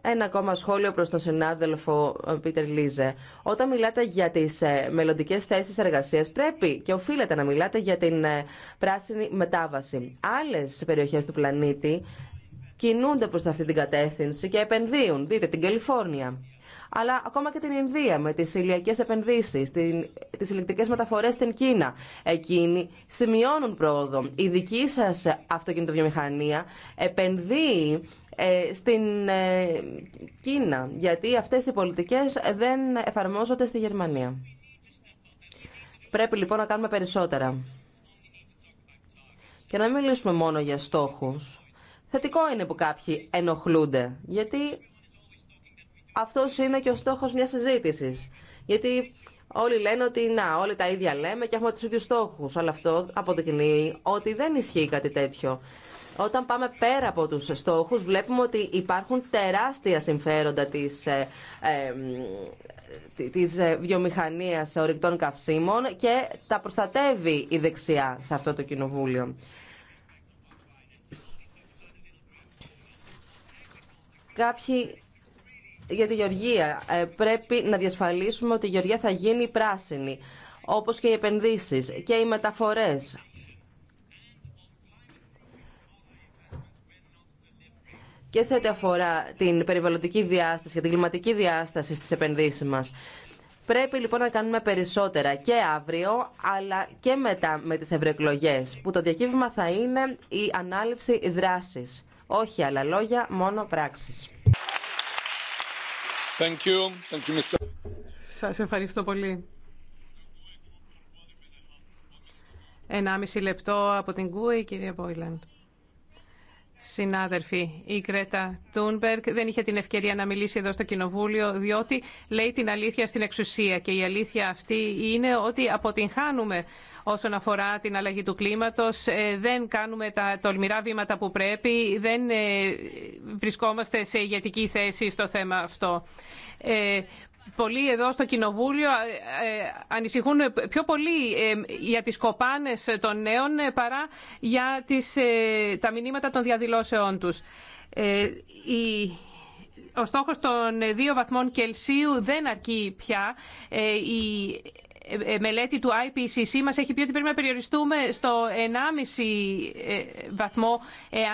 Ένα ακόμα σχόλιο προς τον συνάδελφο ε, Πίτερ Λίζε. Όταν μιλάτε για τις ε, μελλοντικέ θέσει εργασία, πρέπει και οφείλετε να μιλάτε για την ε, πράσινη μετάβαση. Άλλε περιοχές του πλανήτη κινούνται προς αυτή την κατεύθυνση και επενδύουν. Δείτε την Καλιφόρνια. Αλλά ακόμα και την Ινδία με τις ηλιακέ επενδύσει, τι ηλεκτρικές μεταφορέ στην Κίνα. Εκείνοι σημειώνουν πρόοδο. Η δική σα αυτοκινητοβιομηχανία επενδύει ε, στην ε, Κίνα, γιατί αυτές οι πολιτικές δεν εφαρμόζονται στη Γερμανία. Πρέπει λοιπόν να κάνουμε περισσότερα. Και να μην μιλήσουμε μόνο για στόχους. Θετικό είναι που κάποιοι ενοχλούνται, γιατί αυτός είναι και ο στόχος μιας συζήτηση. Γιατί όλοι λένε ότι να, όλοι τα ίδια λέμε και έχουμε τους ίδιους στόχους, αλλά αυτό αποδεικνύει ότι δεν ισχύει κάτι τέτοιο. Όταν πάμε πέρα από τους στόχους βλέπουμε ότι υπάρχουν τεράστια συμφέροντα της, ε, ε, ε της ε, βιομηχανίας ορυκτών καυσίμων και τα προστατεύει η δεξιά σε αυτό το κοινοβούλιο. Κάποιοι για τη Γεωργία. Ε, πρέπει να διασφαλίσουμε ότι η Γεωργία θα γίνει πράσινη, όπως και οι επενδύσεις και οι μεταφορές. και σε ό,τι αφορά την περιβαλλοντική διάσταση και την κλιματική διάσταση στις επενδύσεις μας. Πρέπει λοιπόν να κάνουμε περισσότερα και αύριο, αλλά και μετά με τις ευρωεκλογέ, που το διακύβημα θα είναι η ανάληψη δράσης. Όχι άλλα λόγια, μόνο πράξεις. Thank you. Thank you, Σας ευχαριστώ πολύ. μισή λεπτό από την Κούη, κυρία Βόιλαντ. Συνάδελφοι, η Κρέτα Τούνμπερκ δεν είχε την ευκαιρία να μιλήσει εδώ στο Κοινοβούλιο, διότι λέει την αλήθεια στην εξουσία. Και η αλήθεια αυτή είναι ότι αποτυγχάνουμε όσον αφορά την αλλαγή του κλίματος, ε, δεν κάνουμε τα τολμηρά βήματα που πρέπει, δεν ε, βρισκόμαστε σε ηγετική θέση στο θέμα αυτό. Ε, πολλοί εδώ στο Κοινοβούλιο ε, ε, ανησυχούν πιο πολύ ε, για τις κοπάνες των νέων παρά για τις, τα μηνύματα των διαδηλώσεών τους. η, ο στόχος των δύο βαθμών Κελσίου δεν αρκεί πια. Ε, ε, μελέτη του IPCC μας έχει πει ότι πρέπει να περιοριστούμε στο 1,5 ε, βαθμό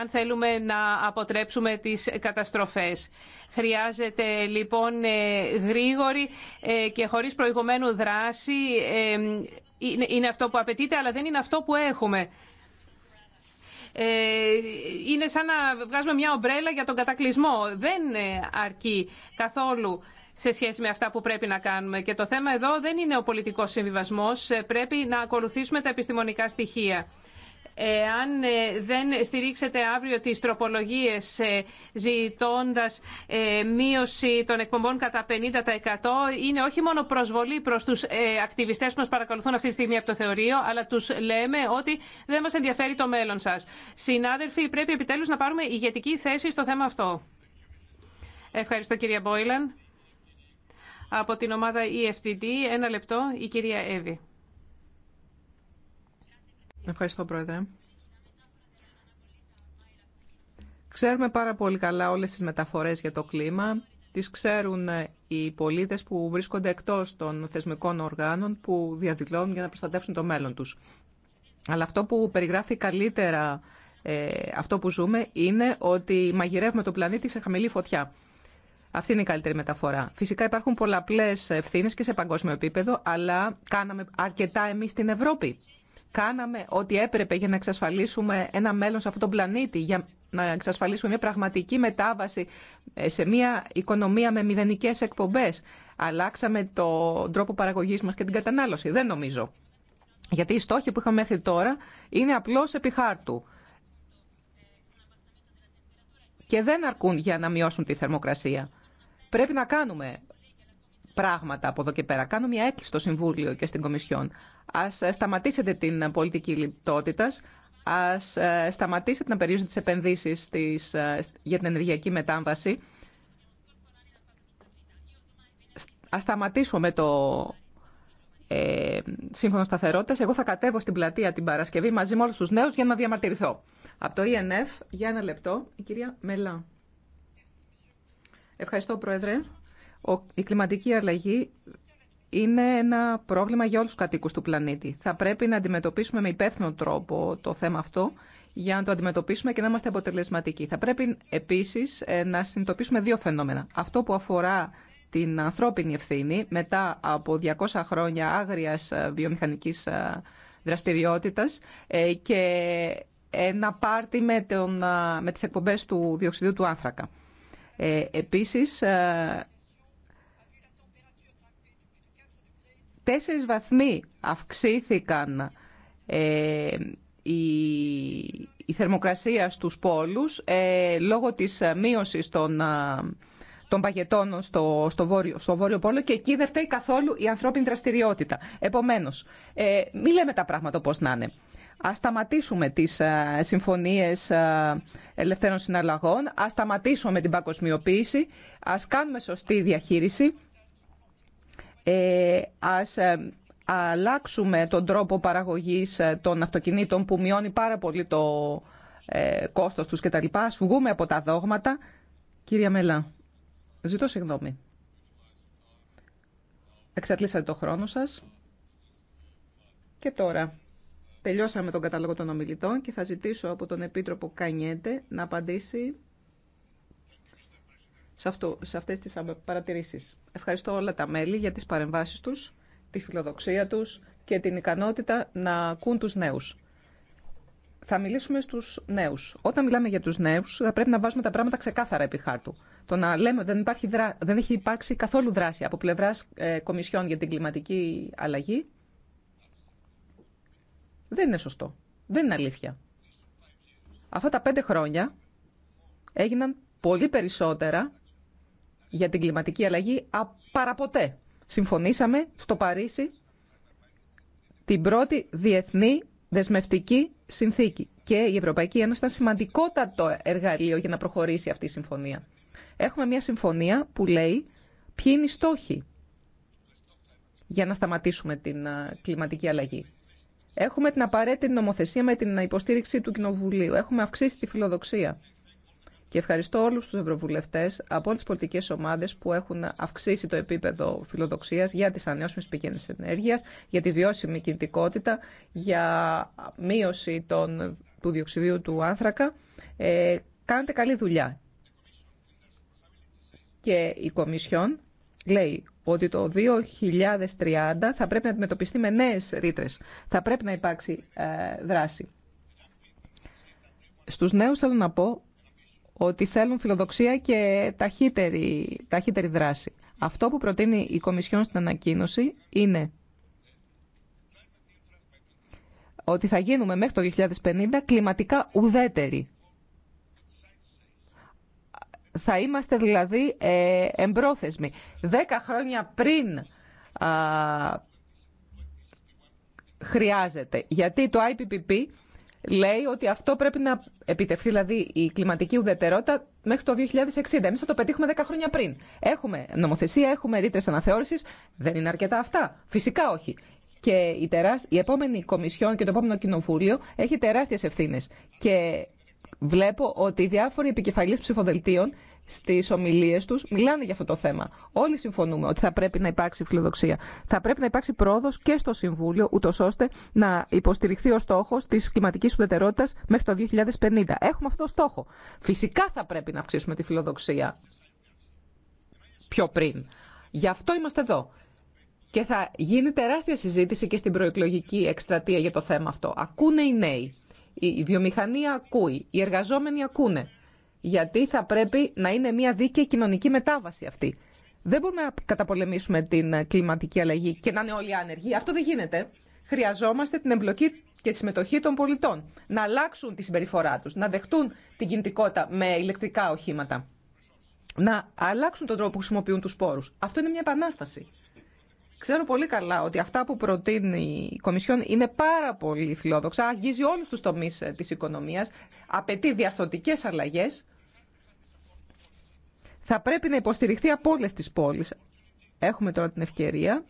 αν θέλουμε να αποτρέψουμε τις καταστροφές. Χρειάζεται λοιπόν γρήγορη και χωρίς προηγουμένου δράση. Είναι αυτό που απαιτείται, αλλά δεν είναι αυτό που έχουμε. Είναι σαν να βγάζουμε μια ομπρέλα για τον κατακλυσμό. Δεν αρκεί καθόλου σε σχέση με αυτά που πρέπει να κάνουμε. Και το θέμα εδώ δεν είναι ο πολιτικός συμβιβασμός, ε, πρέπει να ακολουθήσουμε τα επιστημονικά στοιχεία. Αν ε, δεν στηρίξετε αύριο τις τροπολογίες ε, ζητώντας μείωση των εκπομπών κατά 50% είναι όχι μόνο προσβολή προς τους ακτιβιστές που μας παρακολουθούν αυτή τη στιγμή από το θεωρείο αλλά τους λέμε ότι δεν μας ενδιαφέρει το μέλλον σας. Συνάδελφοι, πρέπει επιτέλους να πάρουμε ηγετική θέση στο θέμα αυτό. Ευχαριστώ κυρία Μπόιλαν. Από την ομάδα EFTD, ένα λεπτό, η κυρία Εύη. Ευχαριστώ, Πρόεδρε. Ξέρουμε πάρα πολύ καλά όλες τις μεταφορές για το κλίμα. Τις ξέρουν οι πολίτες που βρίσκονται εκτός των θεσμικών οργάνων που διαδηλώνουν για να προστατεύσουν το μέλλον τους. Αλλά αυτό που περιγράφει καλύτερα ε, αυτό που ζούμε είναι ότι μαγειρεύουμε το πλανήτη σε χαμηλή φωτιά. Αυτή είναι η καλύτερη μεταφορά. Φυσικά υπάρχουν πολλαπλέ ευθύνε και σε παγκόσμιο επίπεδο, αλλά κάναμε αρκετά εμεί στην Ευρώπη. Κάναμε ό,τι έπρεπε για να εξασφαλίσουμε ένα μέλλον σε αυτόν τον πλανήτη, για να εξασφαλίσουμε μια πραγματική μετάβαση ε, σε μια οικονομία με μηδενικέ εκπομπέ. Αλλάξαμε τον τρόπο παραγωγή μα και την κατανάλωση. Δεν νομίζω. Γιατί οι στόχοι που είχαμε μέχρι τώρα είναι απλώ επιχάρτου χάρτου και δεν αρκούν για να μειώσουν τη θερμοκρασία. Πρέπει να κάνουμε πράγματα από εδώ και πέρα. Κάνω μια έκκληση στο Συμβούλιο και στην Κομισιόν. Ας ε, σταματήσετε την πολιτική λιτότητα, ας ε, σταματήσετε να περιορίζετε τι επενδύσεις ε, για την ενεργειακή μετάβαση. Α σταματήσουμε το ε, σύμφωνο σταθερότητα. Εγώ θα κατέβω στην πλατεία την Παρασκευή μαζί με όλου του νέου για να διαμαρτυρηθώ. Από το ΕΝΕΦ, e για ένα λεπτό, η κυρία Μελά. Ευχαριστώ, Πρόεδρε. η κλιματική αλλαγή είναι ένα πρόβλημα για όλους τους κατοίκους του πλανήτη. Θα πρέπει να αντιμετωπίσουμε με υπεύθυνο τρόπο το θέμα αυτό για να το αντιμετωπίσουμε και να είμαστε αποτελεσματικοί. Θα πρέπει επίσης ε, να συνειδητοποιήσουμε δύο φαινόμενα. Αυτό που αφορά την ανθρώπινη ευθύνη μετά από 200 χρόνια άγριας ε, βιομηχανικής ε, δραστηριότητας και ένα πάρτι με, τον, με τις εκπομπές του διοξιδίου του άνθρακα. Ε, επίσης, ε, τέσσερις βαθμοί αυξήθηκαν ε, η, θερμοκρασία στους πόλους ε, λόγω της μείωσης των, των στο, στο, βόρειο, στο βόρειο πόλο και εκεί δεν φταίει καθόλου η ανθρώπινη δραστηριότητα. Επομένως, ε, μη λέμε τα πράγματα όπως να είναι. Α σταματήσουμε τι ε, συμφωνίε ε, ελευθέρων συναλλαγών, α σταματήσουμε την παγκοσμιοποίηση, α κάνουμε σωστή διαχείριση, ε, ας αλλάξουμε τον τρόπο παραγωγής των αυτοκινήτων που μειώνει πάρα πολύ το κόστος τους κτλ. Ας βγούμε από τα δόγματα. Κυρία Μελά, ζητώ συγγνώμη. Εξατλήσατε το χρόνο σας. Και τώρα Τελειώσαμε τον κατάλογο των ομιλητών και θα ζητήσω από τον Επίτροπο Κανιέντε να απαντήσει σε, αυτό, σε αυτές τις παρατηρήσεις. Ευχαριστώ όλα τα μέλη για τις παρεμβάσεις τους, τη φιλοδοξία τους και την ικανότητα να ακούν τους νέους. Θα μιλήσουμε στους νέου. Όταν μιλάμε για τους νέου, θα πρέπει να βάζουμε τα πράγματα ξεκάθαρα επί χάρτου. Το να λέμε ότι δεν, δεν έχει υπάρξει καθόλου δράση από πλευρά ε, κομισιών για την κλιματική αλλαγή δεν είναι σωστό. Δεν είναι αλήθεια. Αυτά τα πέντε χρόνια έγιναν πολύ περισσότερα για την κλιματική αλλαγή παραποτέ. Συμφωνήσαμε στο Παρίσι την πρώτη διεθνή δεσμευτική συνθήκη. Και η Ευρωπαϊκή Ένωση ήταν σημαντικότατο εργαλείο για να προχωρήσει αυτή η συμφωνία. Έχουμε μια συμφωνία που λέει ποιοι είναι οι στόχοι για να σταματήσουμε την ε, κλιματική αλλαγή. Έχουμε την απαραίτητη νομοθεσία με την υποστήριξη του Κοινοβουλίου. Έχουμε αυξήσει τη φιλοδοξία. Και ευχαριστώ όλου του Ευρωβουλευτέ από όλε τι πολιτικέ ομάδε που έχουν αυξήσει το επίπεδο φιλοδοξία για τι ανανεώσιμε πηγέ ενέργεια, για τη βιώσιμη κινητικότητα, για μείωση των, του διοξιδίου του άνθρακα. Ε, κάνετε καλή δουλειά. Και η Κομισιόν λέει ότι το 2030 θα πρέπει να αντιμετωπιστεί με νέες ρήτρε. Θα πρέπει να υπάρξει ε, δράση. Στους νέους θέλω να πω ότι θέλουν φιλοδοξία και ταχύτερη, ταχύτερη δράση. Αυτό που προτείνει η Κομισιόν στην ανακοίνωση είναι ότι θα γίνουμε μέχρι το 2050 κλιματικά ουδέτεροι. Θα είμαστε δηλαδή ε, εμπρόθεσμοι. Δέκα χρόνια πριν α, χρειάζεται. Γιατί το IPPP λέει ότι αυτό πρέπει να επιτευχθεί, δηλαδή η κλιματική ουδετερότητα μέχρι το 2060. Εμείς θα το πετύχουμε 10 χρόνια πριν. Έχουμε νομοθεσία, έχουμε ρήτρε αναθεώρησης. Δεν είναι αρκετά αυτά. Φυσικά όχι. Και η, η επόμενη Κομισιόν και το επόμενο Κοινοβούλιο έχει τεράστιες ευθύνε. Και βλέπω ότι οι διάφοροι επικεφαλείς ψηφοδελτίων στι ομιλίε του μιλάνε για αυτό το θέμα. Όλοι συμφωνούμε ότι θα πρέπει να υπάρξει φιλοδοξία. Θα πρέπει να υπάρξει πρόοδο και στο Συμβούλιο, ούτω ώστε να υποστηριχθεί ο στόχο τη κλιματική ουδετερότητα μέχρι το 2050. Έχουμε αυτό το στόχο. Φυσικά θα πρέπει να αυξήσουμε τη φιλοδοξία πιο πριν. Γι' αυτό είμαστε εδώ. Και θα γίνει τεράστια συζήτηση και στην προεκλογική εκστρατεία για το θέμα αυτό. Ακούνε οι νέοι. Η βιομηχανία ακούει, οι εργαζόμενοι ακούνε. Γιατί θα πρέπει να είναι μια δίκαιη κοινωνική μετάβαση αυτή. Δεν μπορούμε να καταπολεμήσουμε την ε, κλιματική αλλαγή και να είναι όλοι άνεργοι. Αυτό δεν γίνεται. Χρειαζόμαστε την εμπλοκή και τη συμμετοχή των πολιτών. Να αλλάξουν τη συμπεριφορά του, να δεχτούν την κινητικότητα με ηλεκτρικά οχήματα. Να αλλάξουν τον τρόπο που χρησιμοποιούν του πόρου. Αυτό είναι μια επανάσταση. Ξέρω πολύ καλά ότι αυτά που προτείνει η Κομισιόν είναι πάρα πολύ φιλόδοξα, αγγίζει όλους τους τομείς ε, της οικονομίας, απαιτεί διαρθωτικές αλλαγές. Θα πρέπει να υποστηριχθεί από όλε τις πόλεις. Έχουμε τώρα την ευκαιρία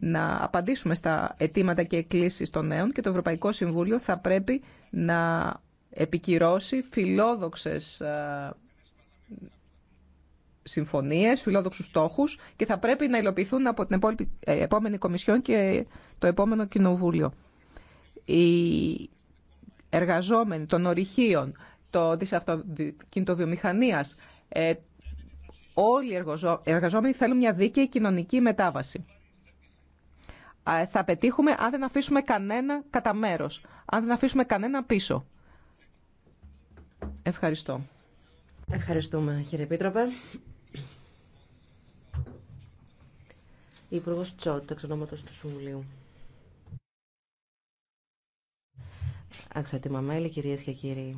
να απαντήσουμε στα αιτήματα και εκκλήσεις των νέων και το Ευρωπαϊκό Συμβούλιο θα πρέπει να επικυρώσει φιλόδοξες ε, συμφωνίε, φιλόδοξου στόχου και θα πρέπει να υλοποιηθούν από την ε, επόμενη Κομισιόν και το επόμενο Κοινοβούλιο. Οι εργαζόμενοι των ορυχείων, το, της αυτοκινητοβιομηχανίας, ε, όλοι οι εργαζόμενοι θέλουν μια δίκαιη κοινωνική μετάβαση. Θα πετύχουμε αν δεν αφήσουμε κανένα κατά μέρο, αν δεν αφήσουμε κανένα πίσω. Ευχαριστώ. Ευχαριστούμε κύριε Επίτροπε. Υπουργό Τσότ, εξ του Συμβουλίου. Αξιότιμα μέλη, κυρίε και κύριοι.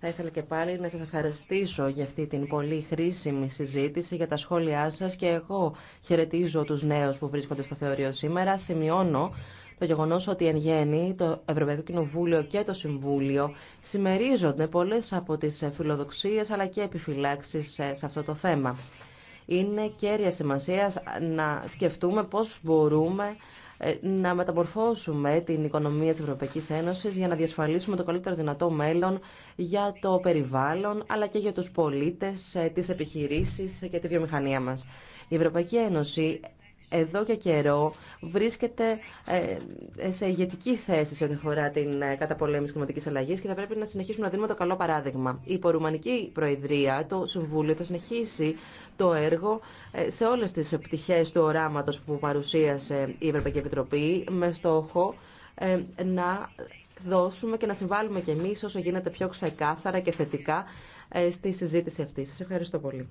Θα ήθελα και πάλι να σας ευχαριστήσω για αυτή την πολύ χρήσιμη συζήτηση, για τα σχόλιά σας και εγώ χαιρετίζω τους νέους που βρίσκονται στο θεωρείο σήμερα. Σημειώνω το γεγονό ότι εν γέννη το Ευρωπαϊκό Κοινοβούλιο και το Συμβούλιο συμμερίζονται πολλέ από τι φιλοδοξίε αλλά και επιφυλάξει ε, σε αυτό το θέμα είναι κέρια σημασία να σκεφτούμε πώς μπορούμε ε, να μεταμορφώσουμε την οικονομία της Ευρωπαϊκής Ένωσης για να διασφαλίσουμε το καλύτερο δυνατό μέλλον για το περιβάλλον αλλά και για τους πολίτες, ε, τις επιχειρήσεις και τη βιομηχανία μας. Η Ευρωπαϊκή Ένωση εδώ και καιρό βρίσκεται ε, σε ηγετική θέση σε ό,τι αφορά την ε, καταπολέμηση κλιματική αλλαγή και θα πρέπει να συνεχίσουμε να δίνουμε το καλό παράδειγμα. Η Υπορουμανική Προεδρία, το Συμβούλιο, θα συνεχίσει το έργο ε, σε όλε τι πτυχέ του οράματο που παρουσίασε η Ευρωπαϊκή Επιτροπή με στόχο να δώσουμε και να συμβάλλουμε κι εμείς όσο γίνεται πιο ξεκάθαρα και θετικά στη συζήτηση αυτή. Σας ευχαριστώ πολύ.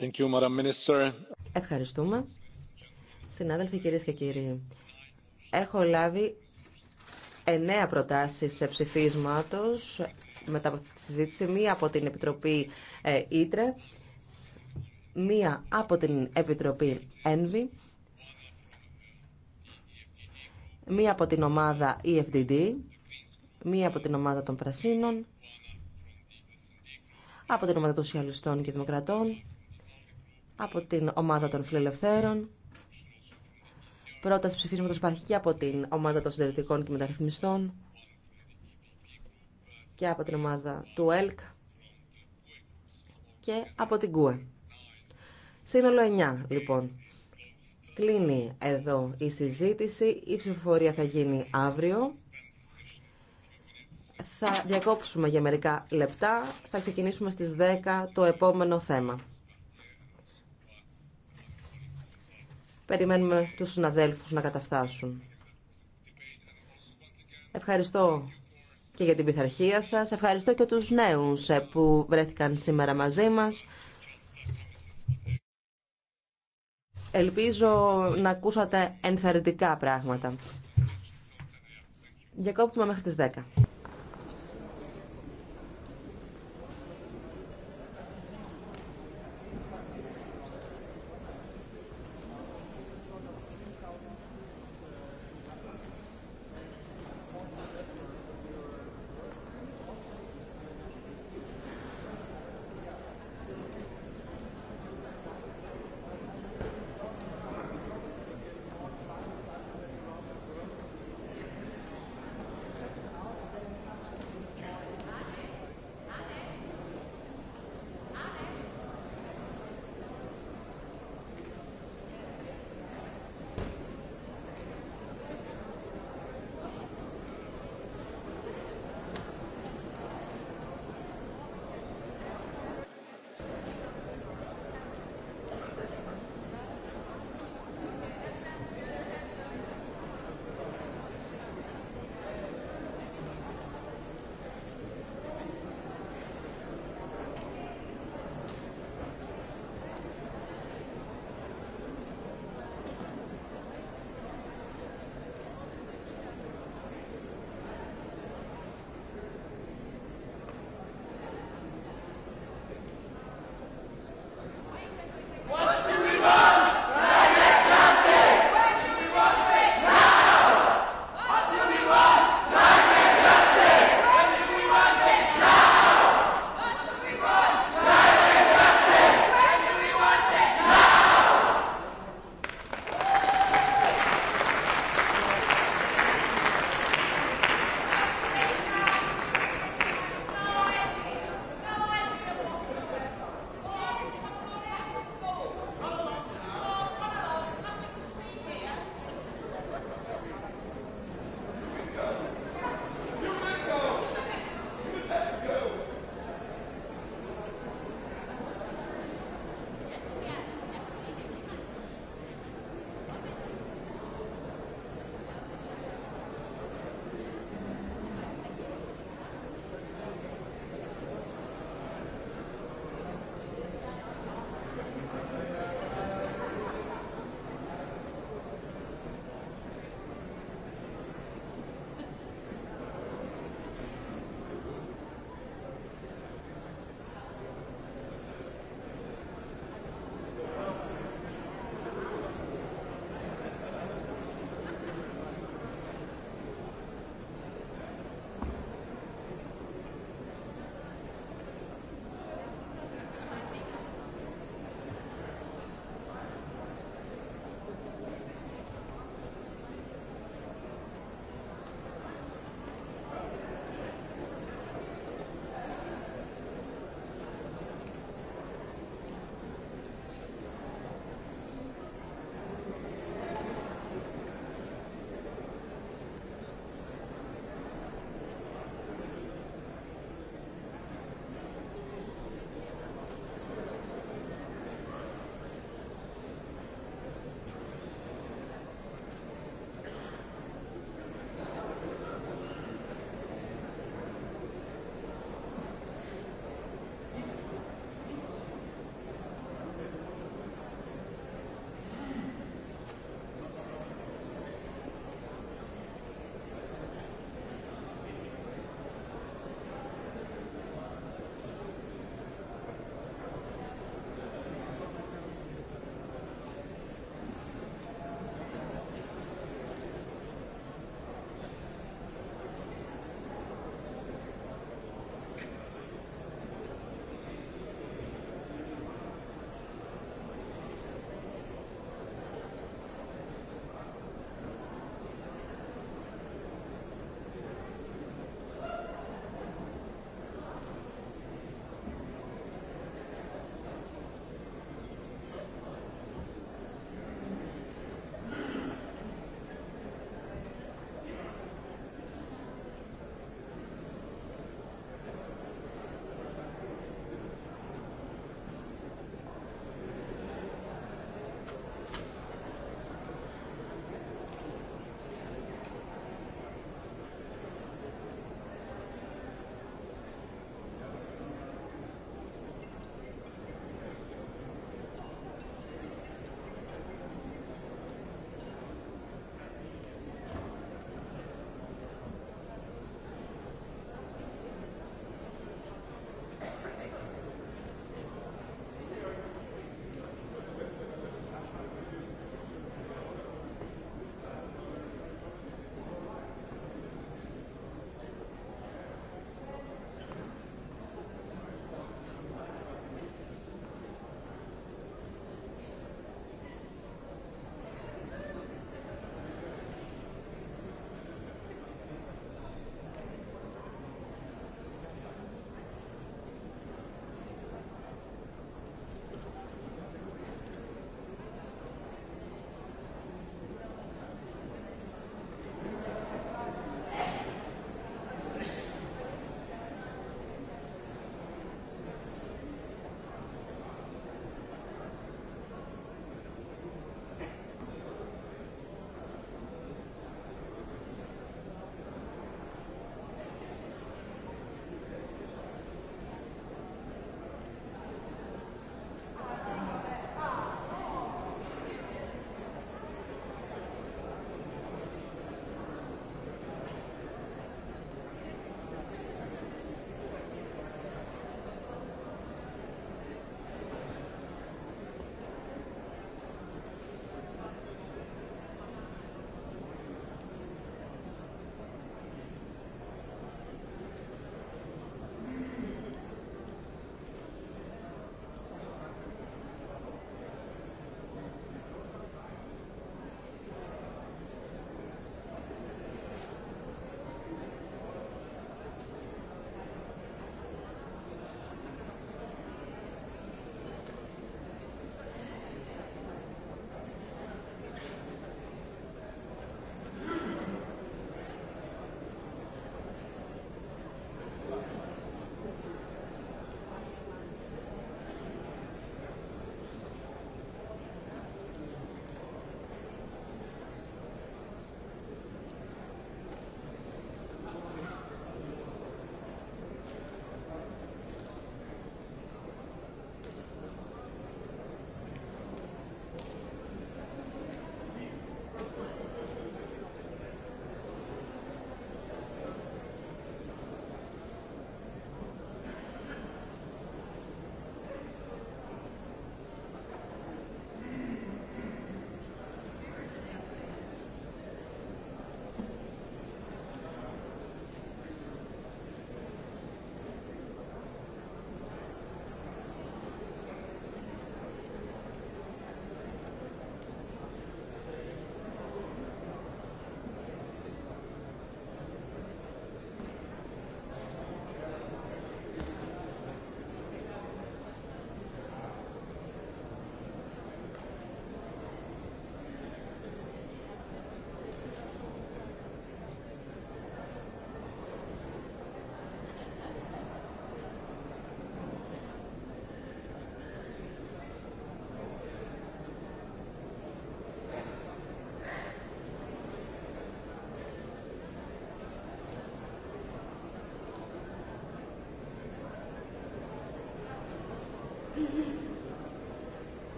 Thank you, Madam Minister. Ευχαριστούμε. Συνάδελφοι, κυρίες και κύριοι, έχω λάβει εννέα προτάσεις ψηφίσματο ψηφίσματος μετά από αυτή τη συζήτηση, μία από την Επιτροπή ε, Ήτρε, μία από την Επιτροπή Ένβη, μία από την ομάδα EFDD, μία από την ομάδα των Πρασίνων, από την ομάδα των Σοσιαλιστών και Δημοκρατών, από την ομάδα των Φιλελευθέρων, πρόταση ψηφίσματος υπάρχει και από την ομάδα των συντηρητικών και μεταρρυθμιστών και από την ομάδα του ΕΛΚ και από την ΚΟΕ. Σύνολο 9, λοιπόν. Κλείνει εδώ η συζήτηση. Η ψηφοφορία θα γίνει αύριο. Θα διακόψουμε για μερικά λεπτά. Θα ξεκινήσουμε στις 10 το επόμενο θέμα. Περιμένουμε τους συναδέλφους να καταφτάσουν. Ευχαριστώ και για την πειθαρχία σας. Ευχαριστώ και τους νέους ε, που βρέθηκαν σήμερα μαζί μας. Ελπίζω να ακούσατε ενθαρρυντικά πράγματα. Διακόπτουμε μέχρι τις 10.